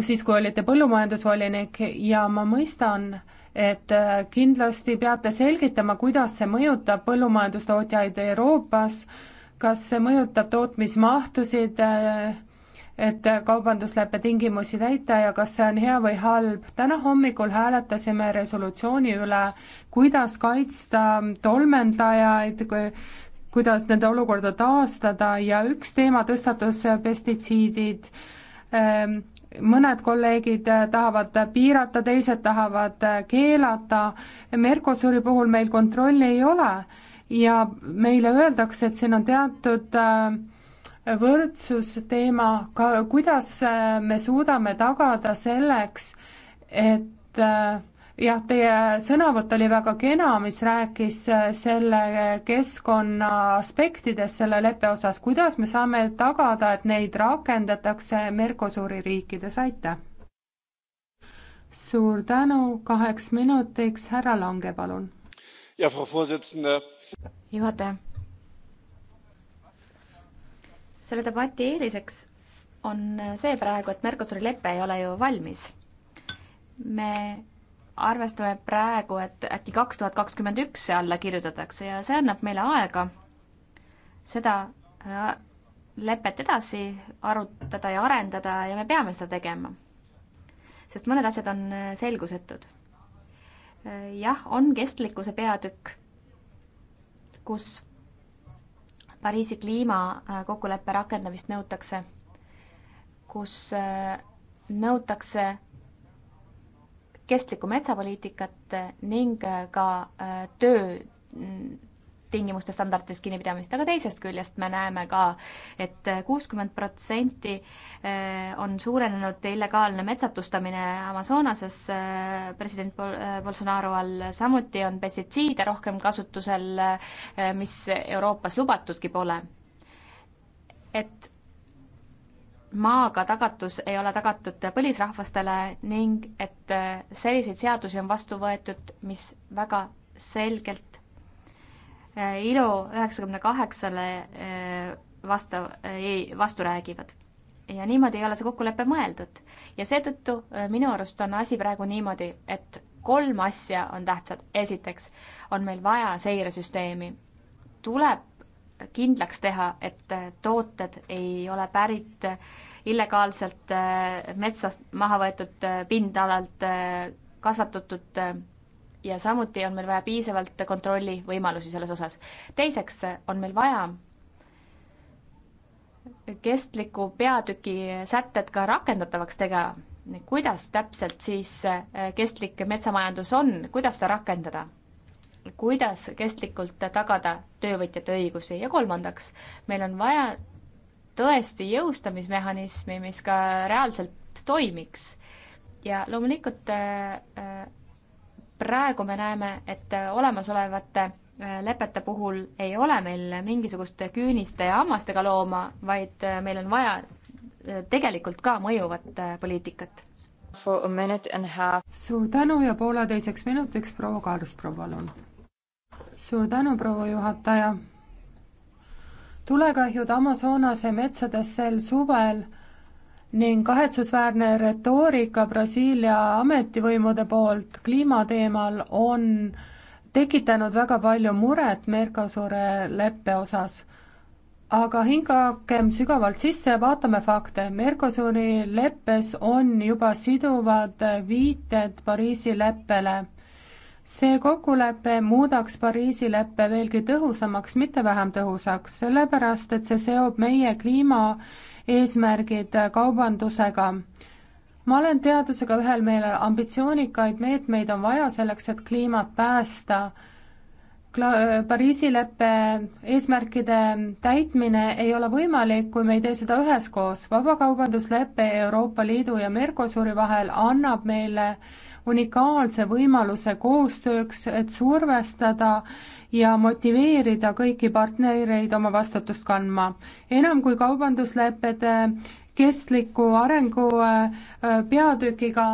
siis, kui olite põllumajandusvolinik ja ma mõistan, et äh, kindlasti peate selgitama, kuidas see mõjutab põllumajandustootjaid Euroopas, kas see mõjutab tootmismahtusid, äh, et kaubandusleppe tingimusi täita ja kas see on hea või halb. täna hommikul hääletasime resolutsiooni üle, kuidas kaitsta tolmendajaid, kuidas nende olukorda taastada ja üks teema tõstatus äh, pestitsiidid ähm, mõned kolleegid tahavad piirata, teised tahavad keelata, Mercosuri puhul meil kontrolli ei ole ja meile öeldakse, et siin on teatud äh, võrdsusteema, ka kuidas äh, me suudame tagada selleks, et äh, jah, teie sõnavõtt oli väga kena, mis rääkis äh, selle keskkonna aspektidest selle leppe osas, kuidas me saame tagada, et neid rakendatakse Mercosuri riikides, aitäh! suur tänu, kaheks minutiks, härra Lange, palun! juhataja! selle debati eeliseks on see praegu, et Mercosuri lepe ei ole ju valmis. me arvestame praegu, et äkki kaks tuhat kakskümmend üks see alla kirjutatakse ja see annab meile aega seda äh, lepet edasi arutada ja arendada ja me peame seda tegema. sest mõned asjad on äh, selgusetud. Äh, jah, on kestlikkuse peatükk, kus Pariisi kliimakokkuleppe rakendamist nõutakse, kus nõutakse kestlikku metsapoliitikat ning äh, ka äh, töötingimuste mm, standardist kinnipidamist, aga teisest küljest me näeme ka et, et äh, kuuskümmend protsenti on suurenenud illegaalne metsatustamine Amazonases president Bolsonaro all, samuti on pestitsiide rohkem kasutusel, mis Euroopas lubatudki pole. et maaga tagatus ei ole tagatud põlisrahvastele ning et äh, selliseid seadusi on vastu võetud, mis väga selgelt äh, ILO üheksakümne kaheksale äh, vastav, vastu räägivad. ja niimoodi ei ole see kokkulepe mõeldud. ja seetõttu minu arust on asi praegu niimoodi, et kolm asja on tähtsad. esiteks on meil vaja seiresüsteemi. tuleb kindlaks teha, et äh, tooted ei ole pärit äh, illegaalselt äh, metsast maha võetud pindalalt kasvatatud ja samuti on meil vaja piisavalt kontrolli võimalusi selles osas. teiseks on meil vaja kestliku peatüki sätted ka rakendatavaks teha. kuidas täpselt siis kestlik metsamajandus on, kuidas seda rakendada? kuidas kestlikult tagada töövõtjate õigusi ja kolmandaks, meil on vaja tõesti jõustamismehhanismi, mis ka reaalselt toimiks. ja loomulikult äh, praegu me näeme, et olemasolevate äh, lepete puhul ei ole meil mingisugust küüniste ja hammastega looma, vaid äh, meil on vaja tegelikult ka mõjuvat poliitikat. suur tänu ja pooleteiseks minutiks proua Kaarsproo, palun suur tänu, proua juhataja. tulekahjud Amazonase metsades sel suvel ning kahetsusväärne retoorika Brasiilia ametivõimude poolt kliimateemal on tekitanud väga palju muret Mercosure leppe osas. aga hingakem sügavalt sisse ja vaatame fakte. Mercosuri leppes on juba siduvad viited Pariisi leppele see kokkulepe muudaks Pariisi leppe veelgi tõhusamaks, mitte vähem tõhusaks, sellepärast et see seob meie kliimaeesmärgid kaubandusega. ma olen teadusega ühel meelel, ambitsioonikaid meetmeid on vaja selleks, et kliimat päästa. Pariisi leppe eesmärkide täitmine ei ole võimalik, kui me ei tee seda üheskoos. vabakaubanduslepe Euroopa Liidu ja Mercosuri vahel annab meile äh, unikaalse võimaluse koostööks, et survestada ja motiveerida kõiki partnereid oma vastutust kandma. enam kui kaubandusleppede kestliku arengu äh, peatükiga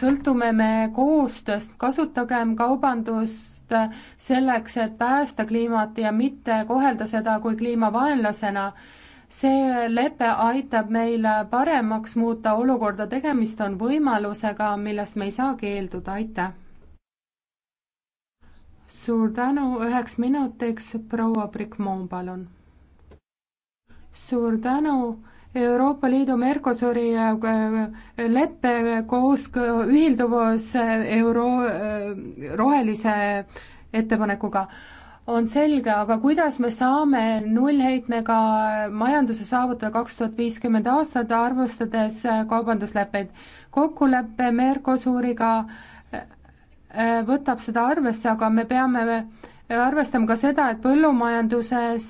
sõltume me koostööst, kasutagem kaubandust äh, selleks, et päästa kliimat ja mitte kohelda seda kui kliimavaenlasena see lepe aitab meil paremaks muuta olukorda, tegemist on võimalusega, millest me ei saa keelduda, aitäh. suur tänu, üheks minutiks proua Brikmoon, palun. suur tänu Euroopa Liidu Mercosuri äh, leppe koosk-, ühilduvus äh, euro-, äh, rohelise ettepanekuga on selge, aga kuidas me saame nullheitmega majanduse saavutada kaks tuhat viiskümmend aastat, arvestades kaubandusleppeid. kokkulepe Mercosuriga äh, äh, võtab seda arvesse, aga me peame arvestama ka seda, et põllumajanduses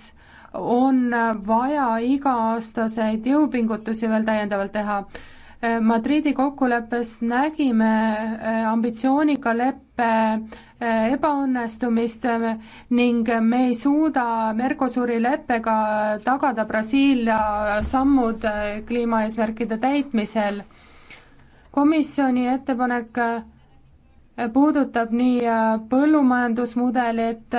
on vaja iga-aastaseid jõupingutusi veel täiendavalt teha äh, Madridi kokkuleppes nägime ambitsioonika leppe Äh, ebaõnnestumist ähm, ning me ei suuda Mercosuri leppega tagada Brasiilia sammud äh, kliimaeesmärkide täitmisel. komisjoni ettepanek äh, puudutab nii äh, põllumajandusmudelit,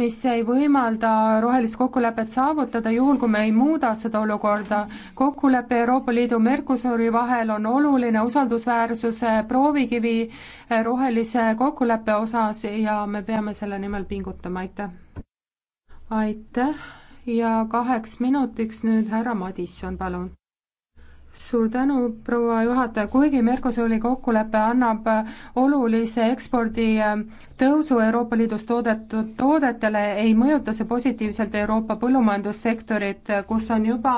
mis ei võimalda rohelist kokkulepet saavutada, juhul kui me ei muuda seda olukorda. kokkulepe Euroopa Liidu Mercosuri vahel on oluline usaldusväärsuse proovikivi äh, rohelise kokkuleppe osas ja me peame selle nimel pingutama, aitäh! aitäh ja kaheks minutiks nüüd härra Madisson, palun! suur tänu, proua juhataja, kuigi Mercosuri kokkulepe annab olulise ekspordi ähm, tõusu Euroopa Liidus toodetud toodetele, ei mõjuta see positiivselt Euroopa põllumajandussektorit, kus on juba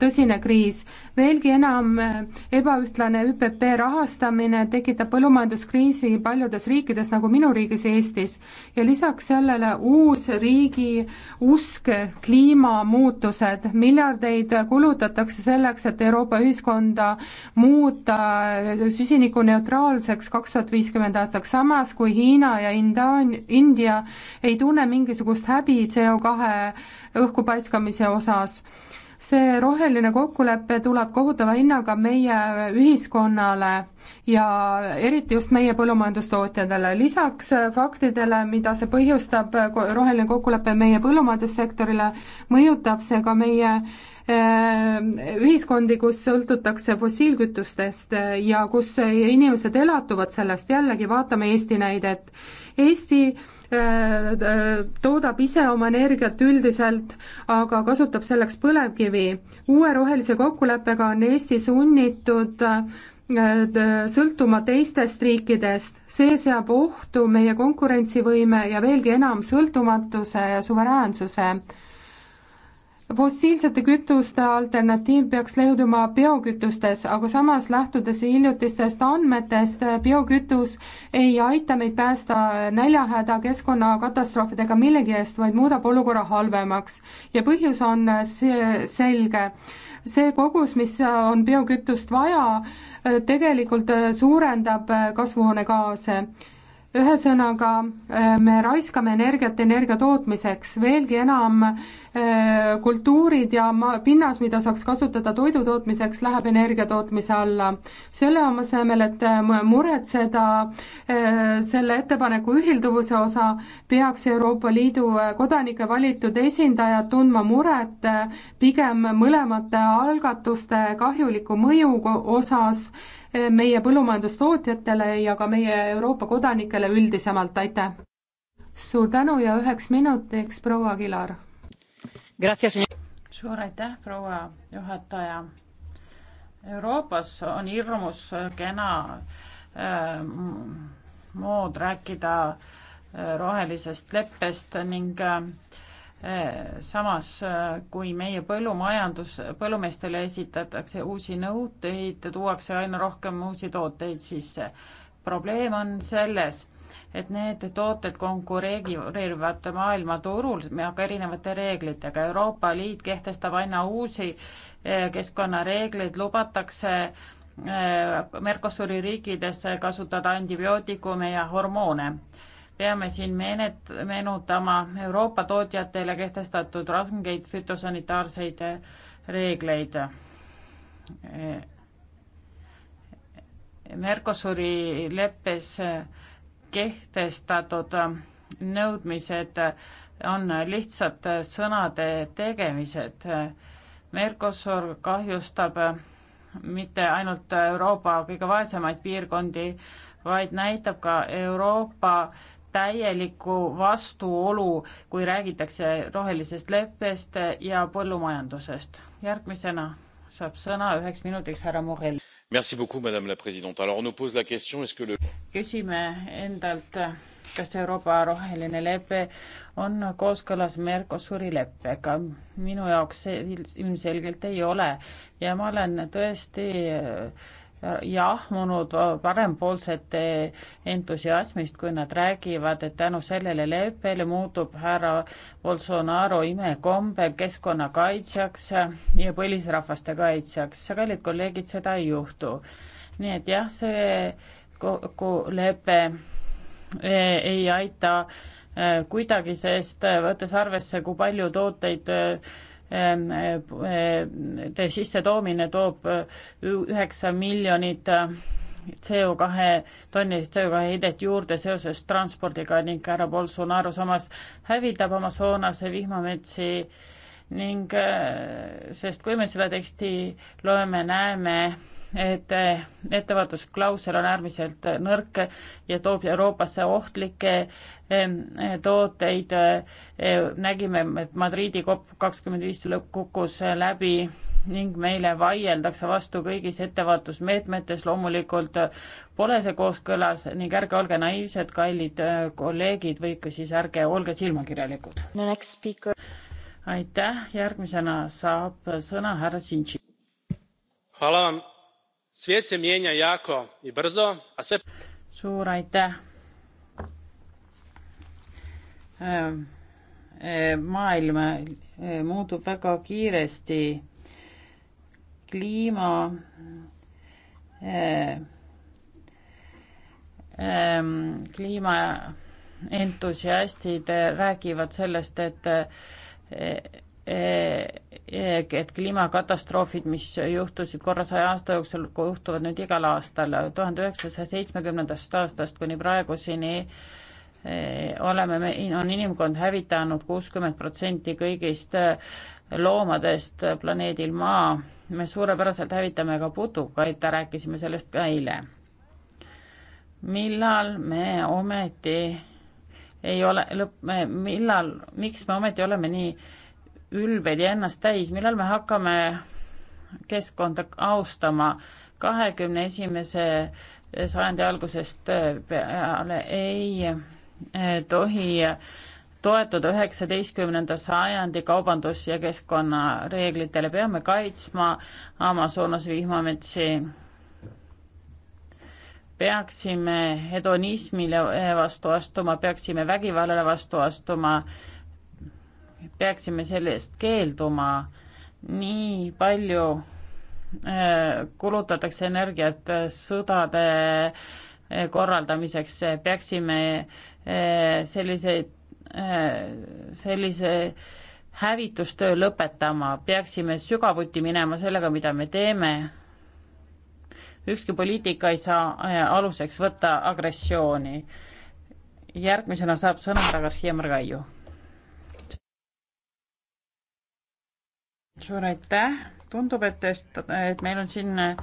tõsine kriis. veelgi enam ebaühtlane ÜPP rahastamine tekitab põllumajanduskriisi paljudes riikides, nagu minu riigis Eestis. ja lisaks sellele uus riigi usk, kliimamuutused, miljardeid kulutatakse selleks, et Euroopa ühiskonda muuta süsinikuneutraalseks kaks tuhat viiskümmend aastaks, samas kui Hiina ja Inda-, India ei tunne mingisugust häbi CO kahe õhku paiskamise osas see roheline kokkulepe tuleb kohutava hinnaga meie ühiskonnale ja eriti just meie põllumajandustootjatele, lisaks faktidele, mida see põhjustab, roheline kokkulepe meie põllumajandussektorile, mõjutab see ka meie eh, ühiskondi, kus sõltutakse fossiilkütustest eh, ja kus inimesed elatuvad sellest, jällegi vaatame Eesti näidet. Eesti Äh, äh, toodab ise oma energiat üldiselt, aga kasutab selleks põlevkivi. uue rohelise kokkuleppega on Eesti sunnitud äh, sõltuma teistest riikidest, see seab ohtu meie konkurentsivõime ja veelgi enam sõltumatuse ja suveräänsuse fossiilsete kütuste alternatiiv peaks leiduma biokütustes, aga samas lähtudes hiljutistest andmetest, biokütus ei aita meid päästa näljahäda keskkonnakatastroofidega millegi eest, vaid muudab olukorra halvemaks. ja põhjus on see selge. see kogus, mis on biokütust vaja, tegelikult suurendab kasvuhoonegaase ühesõnaga, äh, me raiskame energiat energia tootmiseks, veelgi enam äh, kultuurid ja maa, pinnas, mida saaks kasutada toidu tootmiseks, läheb energia tootmise alla. selle asemel, et äh, muretseda selle ettepaneku ühilduvuse osa, peaks Euroopa Liidu kodanike valitud esindajad tundma muret pigem mõlemate algatuste kahjuliku mõju osas, meie põllumajandustootjatele ja ka meie Euroopa kodanikele üldisemalt, aitäh! suur tänu ja üheks minutiks proua Kilar. suur aitäh, proua juhataja. Euroopas on hirmus kena äh, mood rääkida äh, rohelisest leppest ning äh, Äh, samas, äh, kui meie põllumajandus, põllumeestele esitatakse uusi nõudeid, tuuakse aina rohkem uusi tooteid sisse. probleem on selles, et need tooted konkureerivad maailmaturul, aga erinevate reeglitega. Euroopa Liit kehtestab aina uusi äh, keskkonnareegleid, lubatakse Mercosuri riikides kasutada antibiootikume ja hormoone peame siin meenet-, meenutama Euroopa tootjatele kehtestatud rangeid fütosanitaarseid reegleid. Mercosuri leppes kehtestatud nõudmised on lihtsad sõnade tegemised. Mercosur kahjustab mitte ainult Euroopa kõige vaesemaid piirkondi, vaid näitab ka Euroopa täielikku vastuolu, kui räägitakse rohelisest leppest ja põllumajandusest. järgmisena saab sõna üheks minutiks härra Morell. küsime endalt, kas Euroopa roheline lepe on kooskõlas Mercosuri leppega. minu jaoks see ilmselgelt ei ole ja ma olen tõesti jahmunud parempoolsete entusiasmist, kui nad räägivad, et tänu sellele leppele muutub härra Bolsonaro imekombel keskkonnakaitsjaks ja põlisrahvaste kaitsjaks. kallid kolleegid, seda ei juhtu. nii et jah, see kokkulepe e, ei aita e, kuidagi, sest võttes arvesse, kui palju tooteid e, te sissetoomine toob üheksa miljonit äh, CO2 tonni CO2 heidet juurde seoses transpordiga ning härra Bolsonaro samas hävitab Amazonase vihmametsi ning äh, sest kui me selle teksti loeme, näeme, et eh, ettevaatusklausel on äärmiselt nõrk ja toob Euroopasse ohtlikke eh, tooteid. Eh, nägime, et Madriidi COP kakskümmend viis kukkus läbi ning meile vaieldakse vastu kõigis ettevaatusmeetmetes, loomulikult pole see kooskõlas ning ärge olge naiivsed, kallid kolleegid, või ikka siis ärge olge silmakirjalikud no,. aitäh, järgmisena saab sõna härra Sinči svijet se mijenja jako i brzo a sve. suur aitäh ähm, äh, maailm äh, muutub väga kiiresti kliima äh, ähm, kliimaentusiastid räägivad sellest, et et kliimakatastroofid, mis juhtusid korra saja aasta jooksul, juhtuvad nüüd igal aastal. tuhande üheksasaja seitsmekümnendast aastast kuni praeguseni eh, oleme me, on inimkond hävitanud kuuskümmend protsenti kõigist eh, loomadest planeedil Maa. me suurepäraselt hävitame ka putukaid, rääkisime sellest ka eile. millal me ometi ei ole lõpp, millal, miks me ometi oleme nii äh, ülbed ja ennast täis, millal me hakkame keskkonda austama kahekümne esimese sajandi algusest peale ei eh, tohi toetuda üheksateistkümnenda sajandi kaubandus- ja keskkonnareeglitele, peame kaitsma Amazonas vihmametsi. peaksime hedonismile vastu astuma, peaksime vägivallale vastu astuma peaksime sellest keelduma. nii palju äh, kulutatakse energiat äh, sõdade äh, korraldamiseks, peaksime selliseid, sellise hävitustöö lõpetama, peaksime sügavuti minema sellega, mida me teeme. ükski poliitika ei saa aluseks võtta agressiooni. järgmisena saab sõna härra Garcia Margallo suur aitäh, tundub, et, et meil on siin äh,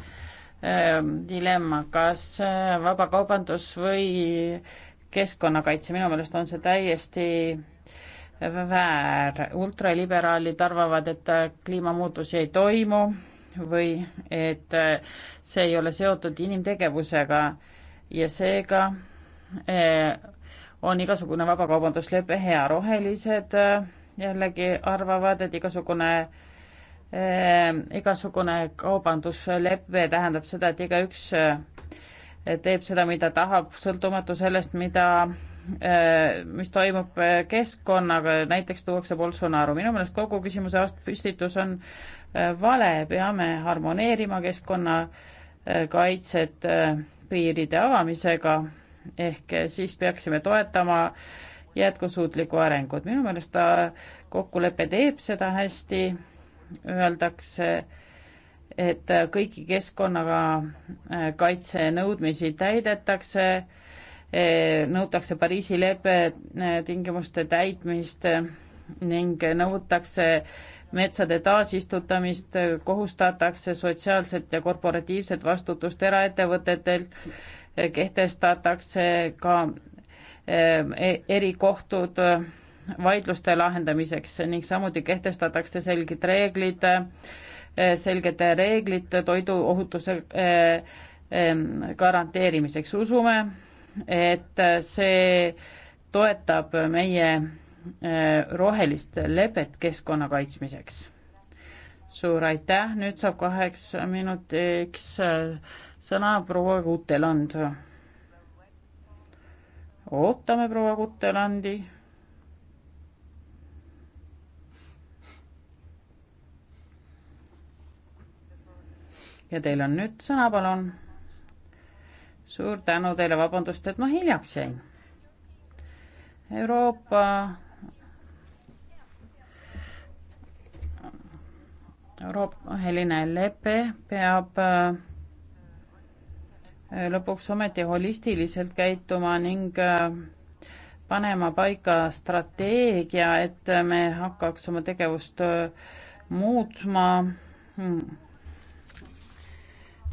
dilemma, kas äh, vabakaubandus või keskkonnakaitse, minu meelest on see täiesti väär, ultraliberaalid arvavad, et äh, kliimamuutusi ei toimu või et äh, see ei ole seotud inimtegevusega ja seega äh, on igasugune vabakaubanduslepe hea, rohelised jällegi arvavad, et igasugune Ehm, igasugune kaubanduslepe tähendab seda, et igaüks eh, teeb seda, mida tahab, sõltumatu sellest, mida, eh, mis toimub eh, keskkonnaga, näiteks tuuakse Bolsonaro. minu meelest kogu küsimuse ast-, püstitus on vale, peame harmoneerima keskkonnakaitset piiride avamisega, ehk siis peaksime toetama jätkusuutlikku arengut. minu meelest ta kokkulepe teeb seda hästi öeldakse, et kõiki keskkonnaga äh, kaitse nõudmisi täidetakse, äh, nõutakse Pariisi leppe äh, tingimuste täitmist ning nõutakse metsade taasistutamist, kohustatakse sotsiaalset ja korporatiivset vastutust eraettevõtetel, kehtestatakse ka e-, erikohtud vaidluste lahendamiseks ning samuti kehtestatakse selged reeglid, eh, selged reeglid toiduohutuse eh, garanteerimiseks. usume, et see toetab meie eh, rohelist lepet keskkonna kaitsmiseks. suur aitäh, nüüd saab kaheks minutiks sõna proua Kuteland. ootame proua Kutelandi ja teil on nüüd sõna, palun. suur tänu teile, vabandust, et ma hiljaks jäin. Euroopa Euroopa roheline lepe peab äh, lõpuks ometi holistiliselt käituma ning äh, panema paika strateegia, et me hakkaks oma tegevust äh, muutma hmm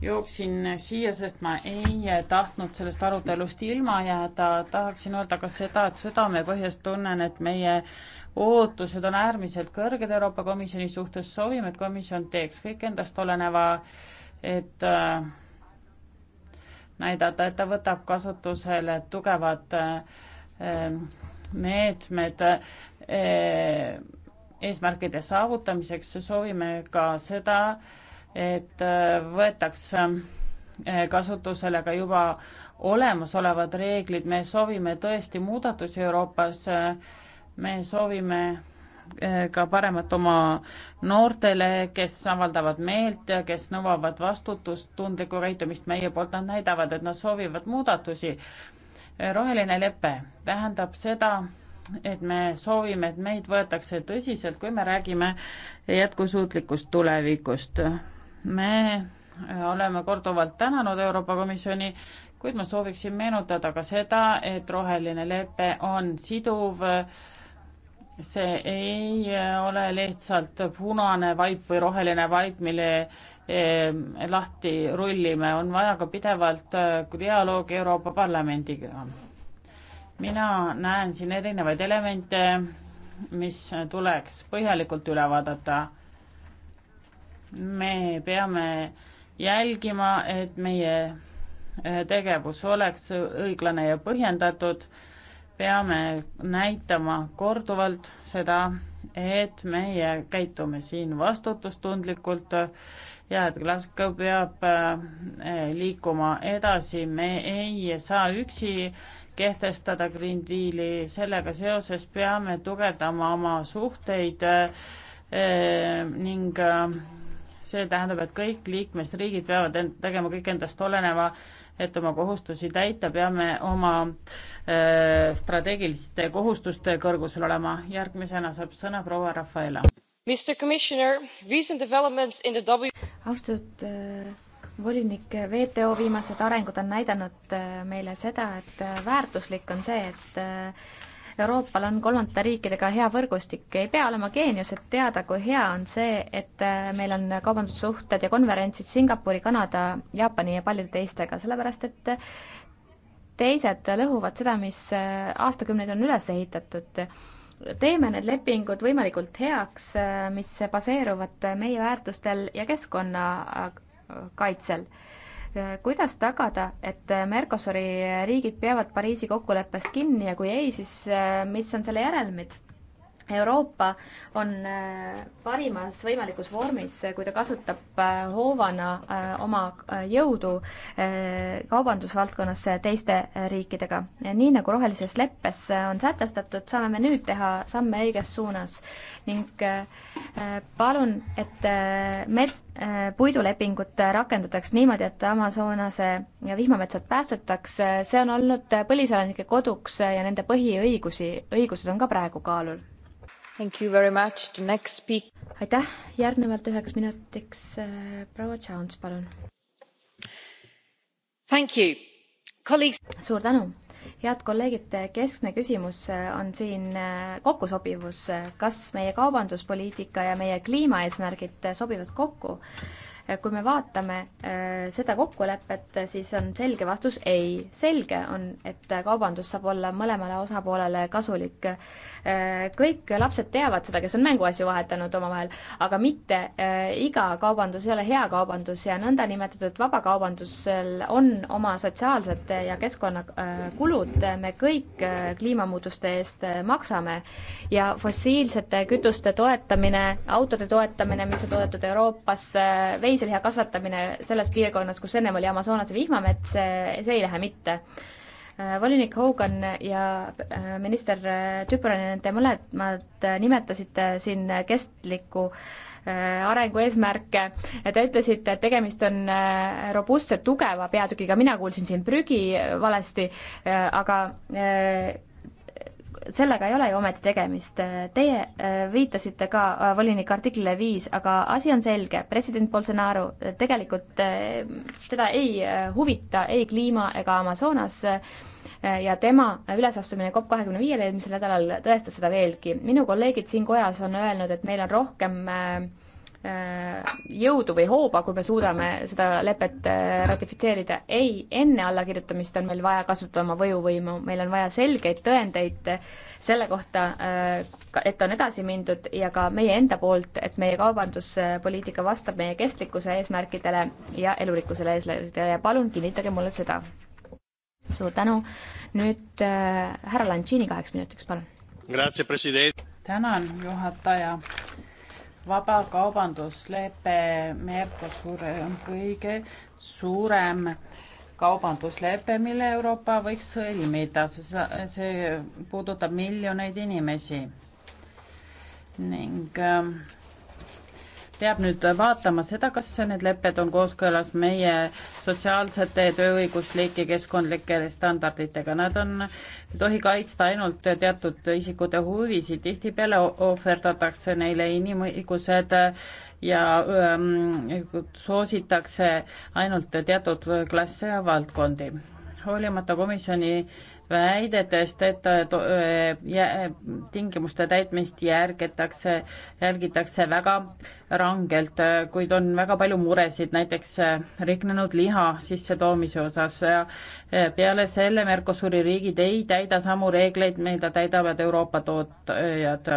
jooksin siia, sest ma ei tahtnud sellest arutelust ilma jääda, tahaksin öelda ka seda, et südamepõhjast tunnen, et meie ootused on äärmiselt kõrged Euroopa Komisjoni suhtes, soovime, et komisjon teeks kõik endast oleneva, et äh, näidata, et ta võtab kasutusele tugevad äh, meetmed äh, eesmärkide saavutamiseks, soovime ka seda, et äh, võetaks äh, kasutusele ka juba olemasolevad reeglid, me soovime tõesti muudatusi Euroopas, me soovime äh, ka paremat oma noortele, kes avaldavad meelt ja kes nõuavad vastutustundlikku käitumist meie poolt, nad näidavad, et nad soovivad muudatusi. roheline lepe tähendab seda, et me soovime, et meid võetakse tõsiselt, kui me räägime jätkusuutlikust tulevikust me äh, oleme korduvalt tänanud Euroopa Komisjoni, kuid ma sooviksin meenutada ka seda, et roheline lepe on siduv. see ei äh, ole lihtsalt punane vaip või roheline vaip, mille äh, lahti rullime, on vaja ka pidevalt dialoogi Euroopa Parlamendiga. mina näen siin erinevaid elemente, mis tuleks põhjalikult üle vaadata me peame jälgima, et meie äh, tegevus oleks õiglane ja põhjendatud, peame näitama korduvalt seda, et meie käitume siin vastutustundlikult ja et Glasgow peab äh, liikuma edasi, me ei saa üksi kehtestada Green Deali, sellega seoses peame tugevdama oma suhteid eh, ning eh, see tähendab, et kõik liikmesriigid peavad end, tegema kõik endast oleneva, et oma kohustusi täita, peame oma öö, äh, strateegiliste kohustuste kõrgusel olema. järgmisena saab sõna proua Rafaela. austatud äh, volinik, WTO viimased arengud on näidanud äh, meile seda, et väärtuslik on see, et Euroopal on kolmandate riikidega hea võrgustik, ei pea olema geenius, et teada, kui hea on see, et äh, meil on kaubandussuhted ja konverentsid Singapuri, Kanada, Jaapani ja paljude teistega, sellepärast et äh, teised lõhuvad seda, mis äh, aastakümneid on üles ehitatud. teeme need lepingud võimalikult heaks, mis baseeruvad meie väärtustel ja keskkonnakaitsel kuidas tagada, et Mercosuri riigid peavad Pariisi kokkuleppest kinni ja kui ei, siis eh, mis on selle järelmid? Euroopa on äh, parimas võimalikus vormis, kui ta kasutab äh, hoovana äh, oma jõudu kaubandusvaldkonnas teiste riikidega. nii nagu rohelises leppes on sätestatud, saame me nüüd teha samme õiges suunas ning palun, et mets, puidulepingut rakendataks niimoodi, et Amazonase vihmametsad päästetaks, see on olnud põliselanike koduks ja nende põhiõigusi, õigused on ka praegu kaalul aitäh, järgnevalt üheks minutiks äh, proua Jones, palun. suur tänu head kolleegid, keskne küsimus äh, on siin äh, kokkusobivus, kas meie kaubanduspoliitika ja meie kliimaeesmärgid sobivad kokku Eh, kui me vaatame eh, seda kokkulepet, eh, siis on selge vastus ei. selge on, et kaubandus saab olla mõlemale osapoolele kasulik. kõik lapsed teavad seda, kes on mänguasju vahetanud omavahel, aga mitte iga kaubandus ei ole hea kaubandus ja nõndanimetatud vabakaubandusel on oma sotsiaalsed ja keskkonnakulud, me kõik kliimamuutuste eest maksame ja fossiilsete kütuste toetamine, autode toetamine, mis on toodetud Euroopas, veiseliha kasvatamine selles piirkonnas, kus ennem oli Amazonase vihmamets, see ei lähe mitte äh, volinik Hogan ja äh, minister äh, Tüpranen, te mõlemad nimetasite siin kestlikku arengu eesmärke. Te ütlesite, et tegemist on robustse, tugeva peatükiga, mina kuulsin siin prügi valesti, aga sellega ei ole ju ometi tegemist. Teie äh, viitasite ka äh, volinik artiklile viis, aga asi on selge, president Bolsonaro äh, tegelikult, teda ei huvita ei kliima ega Amazonas ja tema ülesastumine COP kahekümne viiele eelmisel nädalal tõestas seda veelgi. minu kolleegid siin kojas on öelnud, et meil on rohkem äh, Äh, jõudu või hooba, kui me suudame seda lepet äh, ratifitseerida. ei, enne allakirjutamist on meil vaja kasutada oma võjuvõimu, meil on vaja selgeid tõendeid äh, selle kohta, et on edasi mindud ja ka meie enda poolt, et meie kaubanduspoliitika vastab meie kestlikkuse eesmärkidele ja elurikkusele eesmärkidele ja palun kinnitage mulle seda. suur tänu. nüüd härra Lantšini kaheks minutiks, palun. tänan, juhataja vabakaubanduslepe Mercosur on kõige suurem kaubanduslepe, mille Euroopa võiks sõlmida, see, see puudutab miljoneid inimesi. ning äh, jääb nüüd vaatama seda, kas need lepped on kooskõlas meie sotsiaalsete, tööõiguslike, keskkondlike standarditega. Nad on, ei tohi kaitsta ainult teatud isikute huvisid, tihtipeale ohverdatakse neile inimõigused ja ähm, soositakse ainult teatud klasse ja valdkondi. hoolimata komisjoni äh, väidetest, et äh, äh, tingimuste täitmist järgitakse, jälgitakse väga rangelt, äh, kuid on väga palju muresid, näiteks riknenud liha sissetoomise osas ja peale selle Mercosuri riigid ei täida samu reegleid, mida täidavad Euroopa tootjad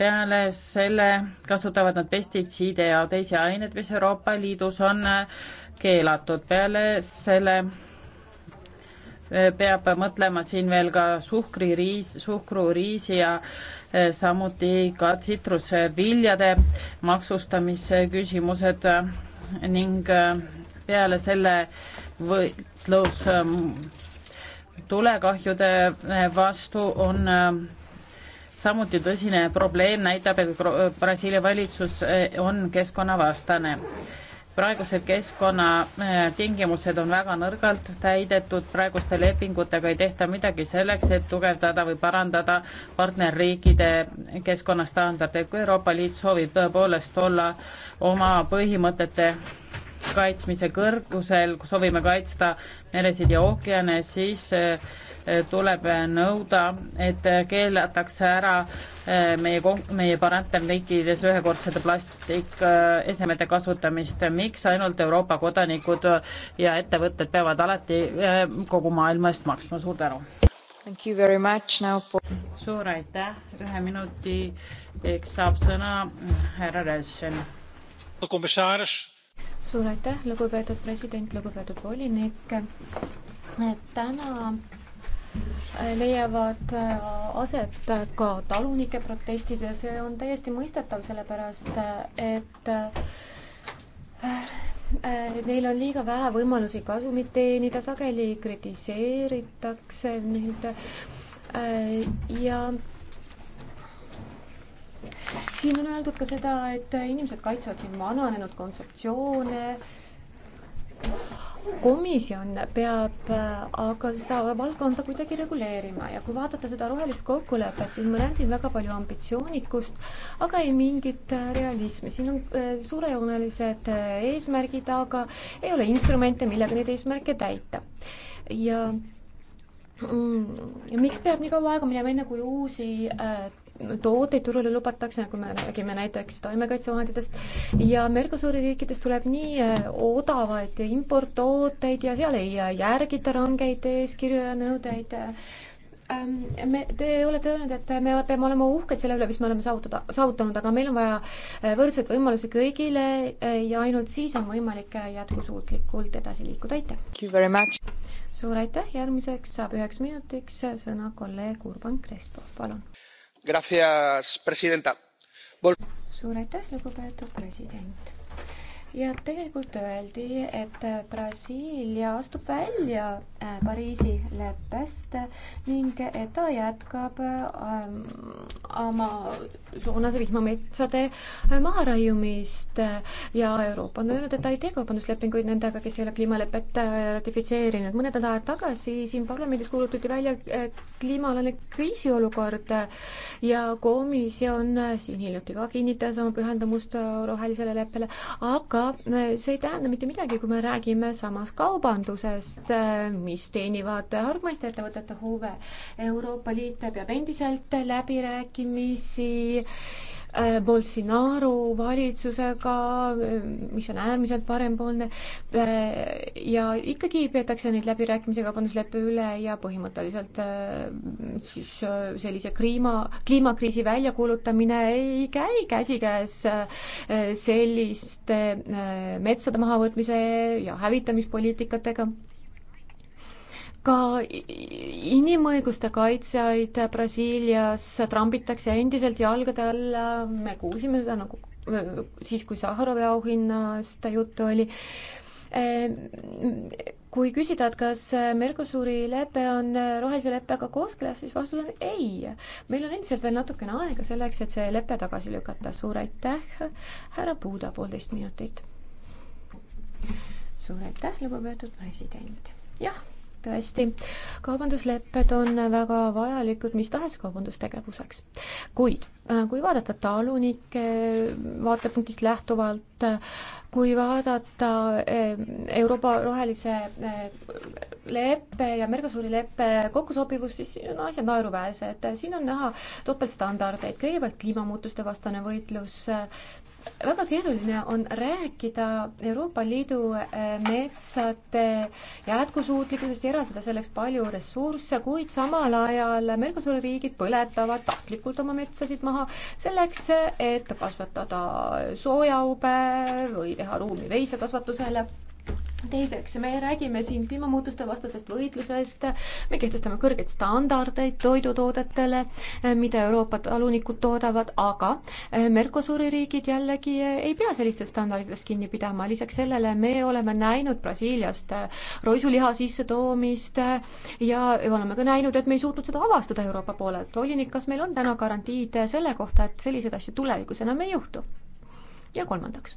peale selle kasutavad nad pestitsiide ja teisi aineid, mis Euroopa Liidus on keelatud. peale selle peab mõtlema siin veel ka suhkririis, suhkruriisi ja eh, samuti ka tsitrusviljade maksustamise küsimused ning eh, peale selle võitlus mm, tulekahjude eh, vastu on samuti tõsine probleem, näitab, et Brasiilia valitsus on keskkonnavastane praegused keskkonnatingimused äh, on väga nõrgalt täidetud, praeguste lepingutega ei tehta midagi selleks, et tugevdada või parandada partnerriikide keskkonnastandardeid. kui Euroopa Liit soovib tõepoolest olla oma põhimõtete kaitsmise kõrgusel, kui soovime kaitsta meresid ja ookeane, siis eh, tuleb nõuda, et keelatakse ära eh, meie, meie parantemriikides ühekordsete plastikesemete kasutamist. miks ainult Euroopa kodanikud ja ettevõtted peavad alati eh, kogu maailma eest maksma? suur tänu! For... suur aitäh, ühe minutiks saab sõna mm, härra Rössin. commissaris suur aitäh, lugupeetud president, lugupeetud volinik. täna äh, leiavad äh, aset äh, ka talunike protestid ja see on täiesti mõistetav, sellepärast et neil on liiga vähe võimalusi kasumit teenida, sageli kritiseeritakse neid ja siin on öeldud ka seda, et inimesed kaitsevad siin vananenud kontseptsioone. komisjon peab äh, aga seda valdkonda kuidagi reguleerima ja kui vaadata seda rohelist kokkulepet, siis ma näen siin väga palju ambitsioonikust, aga ei mingit äh, realismi. siin on äh, suurejoonelised eesmärgid, aga ei ole instrumente, millega neid eesmärke täita. ja mm, ja miks peab nii kaua aega minema, enne kui uusi äh, tooteid turule lubatakse, nagu me räägime näiteks taimekaitsevahenditest, ja Mercosuri riikides tuleb nii eh, odavaid importtooteid ja seal ei eh, järgita rangeid eeskirju ja nõudeid ähm, me, te olete öelnud, et me peame olema uhked selle üle, mis me oleme saavutada, saavutanud, aga meil on vaja eh, võrdseid võimalusi kõigile ja ainult siis on võimalik jätkusuutlikult edasi liikuda, aitäh! suur aitäh, järgmiseks saab üheks minutiks sõna kolleeg Urban Crespo, palun! suur aitäh, lugupeetud president ja tegelikult öeldi, et Brasiilia astub välja äh, Pariisi leppest ning et ta jätkab ähm, oma soonase vihmametsade äh, maharaiumist ja Euroopa on öelnud, et ta ei tee kaubanduslepinguid nendega, kes ei ole kliimalepet äh, ratifitseerinud. mõned nädalad tagasi siin parlamendis kuulutati välja kliimalane kriisiolukord ja komisjon siin hiljuti ka kinnitas oma pühendumust rohelisele leppele, aga aga äh, see ei tähenda mitte midagi, kui me räägime samas kaubandusest, äh, mis teenivad hargmaiste ettevõtete huve. Euroopa Liit peab endiselt läbirääkimisi Äh, Bolsonaro valitsusega, äh, mis on äärmiselt parempoolne, äh, ja ikkagi peetakse neid läbirääkimisi kaubandusleppe üle ja põhimõtteliselt siis sellise kliima, kliimakriisi väljakuulutamine ei käi käsikäes selliste metsade mahavõtmise ja hävitamispoliitikatega ka inimõiguste kaitsjaid Brasiilias trambitakse endiselt jalgade alla, me kuulsime seda nagu siis, kui Saharovi auhinnast juttu oli. Ehm, kui küsida, et kas Mercosuri lepe on rohelise leppega kooskõlas, siis vastus on ei. meil on endiselt veel natukene aega selleks, et see lepe tagasi lükata. suur aitäh, härra Puuda, poolteist minutit. suur aitäh, lugupeetud president. jah tõesti, kaubanduslepped on väga vajalikud mis tahes kaubandustegevuseks. kuid äh, kui vaadata talunike äh, vaatepunktist lähtuvalt, äh, kui vaadata Euroopa rohelise leppe ja Mercosuri leppe kokkusobivust, siis siin on asjad naeruväärsed. siin on näha topeltstandardeid, kõigepealt kliimamuutuste vastane võitlus, väga keeruline on rääkida Euroopa Liidu äh, metsade jätkusuutlikkusest ja eraldada selleks palju ressursse, kuid samal ajal Mercosuri riigid põletavad tahtlikult oma metsasid maha selleks, et kasvatada soojaube või teha ruumi veisekasvatusele teiseks, me räägime siin kliimamuutuste vastasest võitlusest, me kehtestame kõrgeid standardeid toidutoodetele, mida Euroopa talunikud toodavad, aga eh, Mercosuri riigid jällegi eh, ei pea sellistest standarditest kinni pidama, lisaks sellele me oleme näinud Brasiiliast eh, roisuliha sissetoomist ja oleme ka näinud, et me ei suutnud seda avastada Euroopa poolelt. volinik, kas meil on täna garantiid selle kohta, et selliseid asju tulevikus enam ei juhtu? ja kolmandaks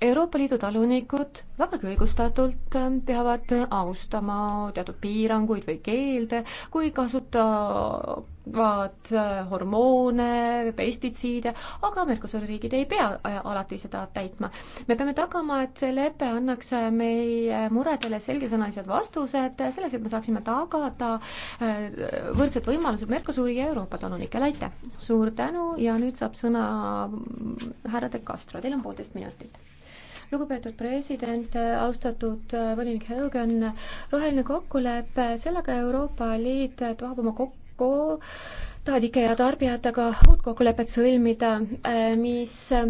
Euroopa Liidu talunikud vägagi õigustatult ähm, peavad äh, austama teatud piiranguid või keelde, kui kasutavad äh, hormoone, pestitsiide, aga Mercosuri riigid ei pea äh, alati seda täitma. me peame tagama, et see lepe annaks meie muredele selgesõnalised vastused, selleks et me saaksime tagada võrdsed võimalused Mercosuri ja Euroopa talunikele, aitäh! suur tänu ja nüüd saab sõna mm, härra De Castro, teil on poolteist minutit lugupeetud president, austatud äh, volinik Hogan, roheline kokkulepe, sellega Euroopa Liit tahab oma kokku tahetike ja tarbijatega uut kokkulepet sõlmida, äh, mis äh,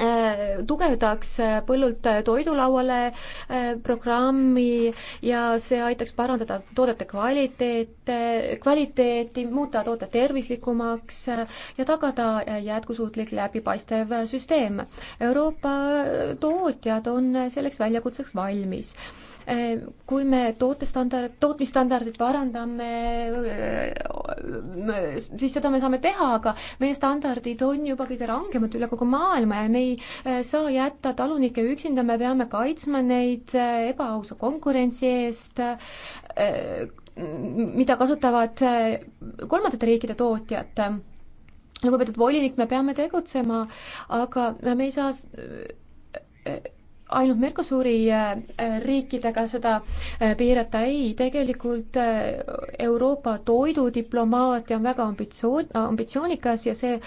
Äh, tugevdaks äh, põllult äh, toidulauale programmi ja see aitaks parandada toodete kvaliteete, kvaliteeti, muuta toote tervislikumaks ja tagada jätkusuutlik läbipaistev süsteem. Euroopa tootjad on selleks väljakutseks valmis Äh, kui me tootestandard, tootmisstandardit parandame, äh, äh, siis seda me saame teha, aga meie standardid on juba kõige rangemad üle kogu maailma ja me ei saa jätta talunikke üksinda, me peame kaitsma neid ebaausa konkurentsi eest, mida kasutavad kolmandate riikide tootjad lugupeetud volinik, me peame tegutsema, aga me ei saa ainult Mercosuri äh, riikidega seda äh, piirata, ei, tegelikult äh, Euroopa toidudiplomaatia on väga ambitsioon, ambitsioonikas ja see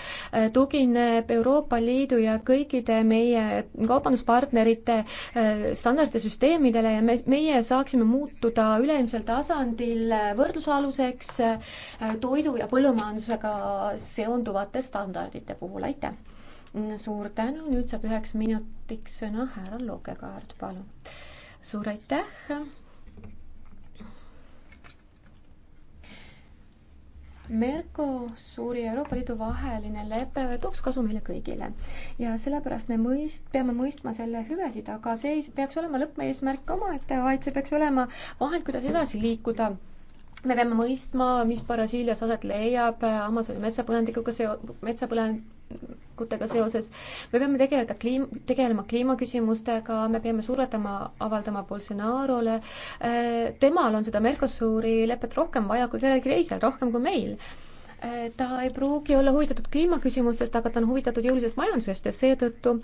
tugineb Euroopa Liidu ja kõikide meie kaubanduspartnerite standardisüsteemidele ja me, meie saaksime muutuda üleilmsel tasandil võrdlusaluseks toidu ja põllumajandusega seonduvate standardite puhul, aitäh! suur tänu, nüüd saab üheks minutiks sõna härra Lokekaart, palun. suur aitäh. Mercosuri ja Euroopa Liidu vaheline lepe tooks kasu meile kõigile ja sellepärast me mõist-, peame mõistma selle hüvesid, aga see ei peaks olema lõppmeesmärk omaette, vaid see peaks olema vahend, kuidas edasi liikuda me peame mõistma, mis Brasiilias aset leiab äh, Amazoni metsapõlendikuga seo-, metsapõlengutega seoses. me peame tegeleda kliim-, tegelema kliimaküsimustega, me peame survetama, avaldama Bolsonaro'le. Äh, temal on seda Mercosuri lepet rohkem vaja kui kellelgi teisel, rohkem kui meil äh, ta ei pruugi olla huvitatud kliimaküsimustest, aga ta on huvitatud jõulisest majandusest ja seetõttu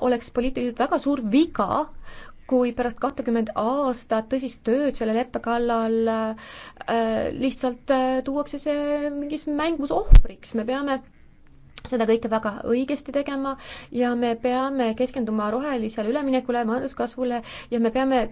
oleks poliitiliselt väga suur viga, kui pärast kahtekümmend aastat tõsist tööd selle leppe kallal äh, lihtsalt äh, tuuakse see mingis mängus ohvriks, me peame seda kõike väga õigesti tegema ja me peame keskenduma rohelisele üleminekule, majanduskasvule ja me peame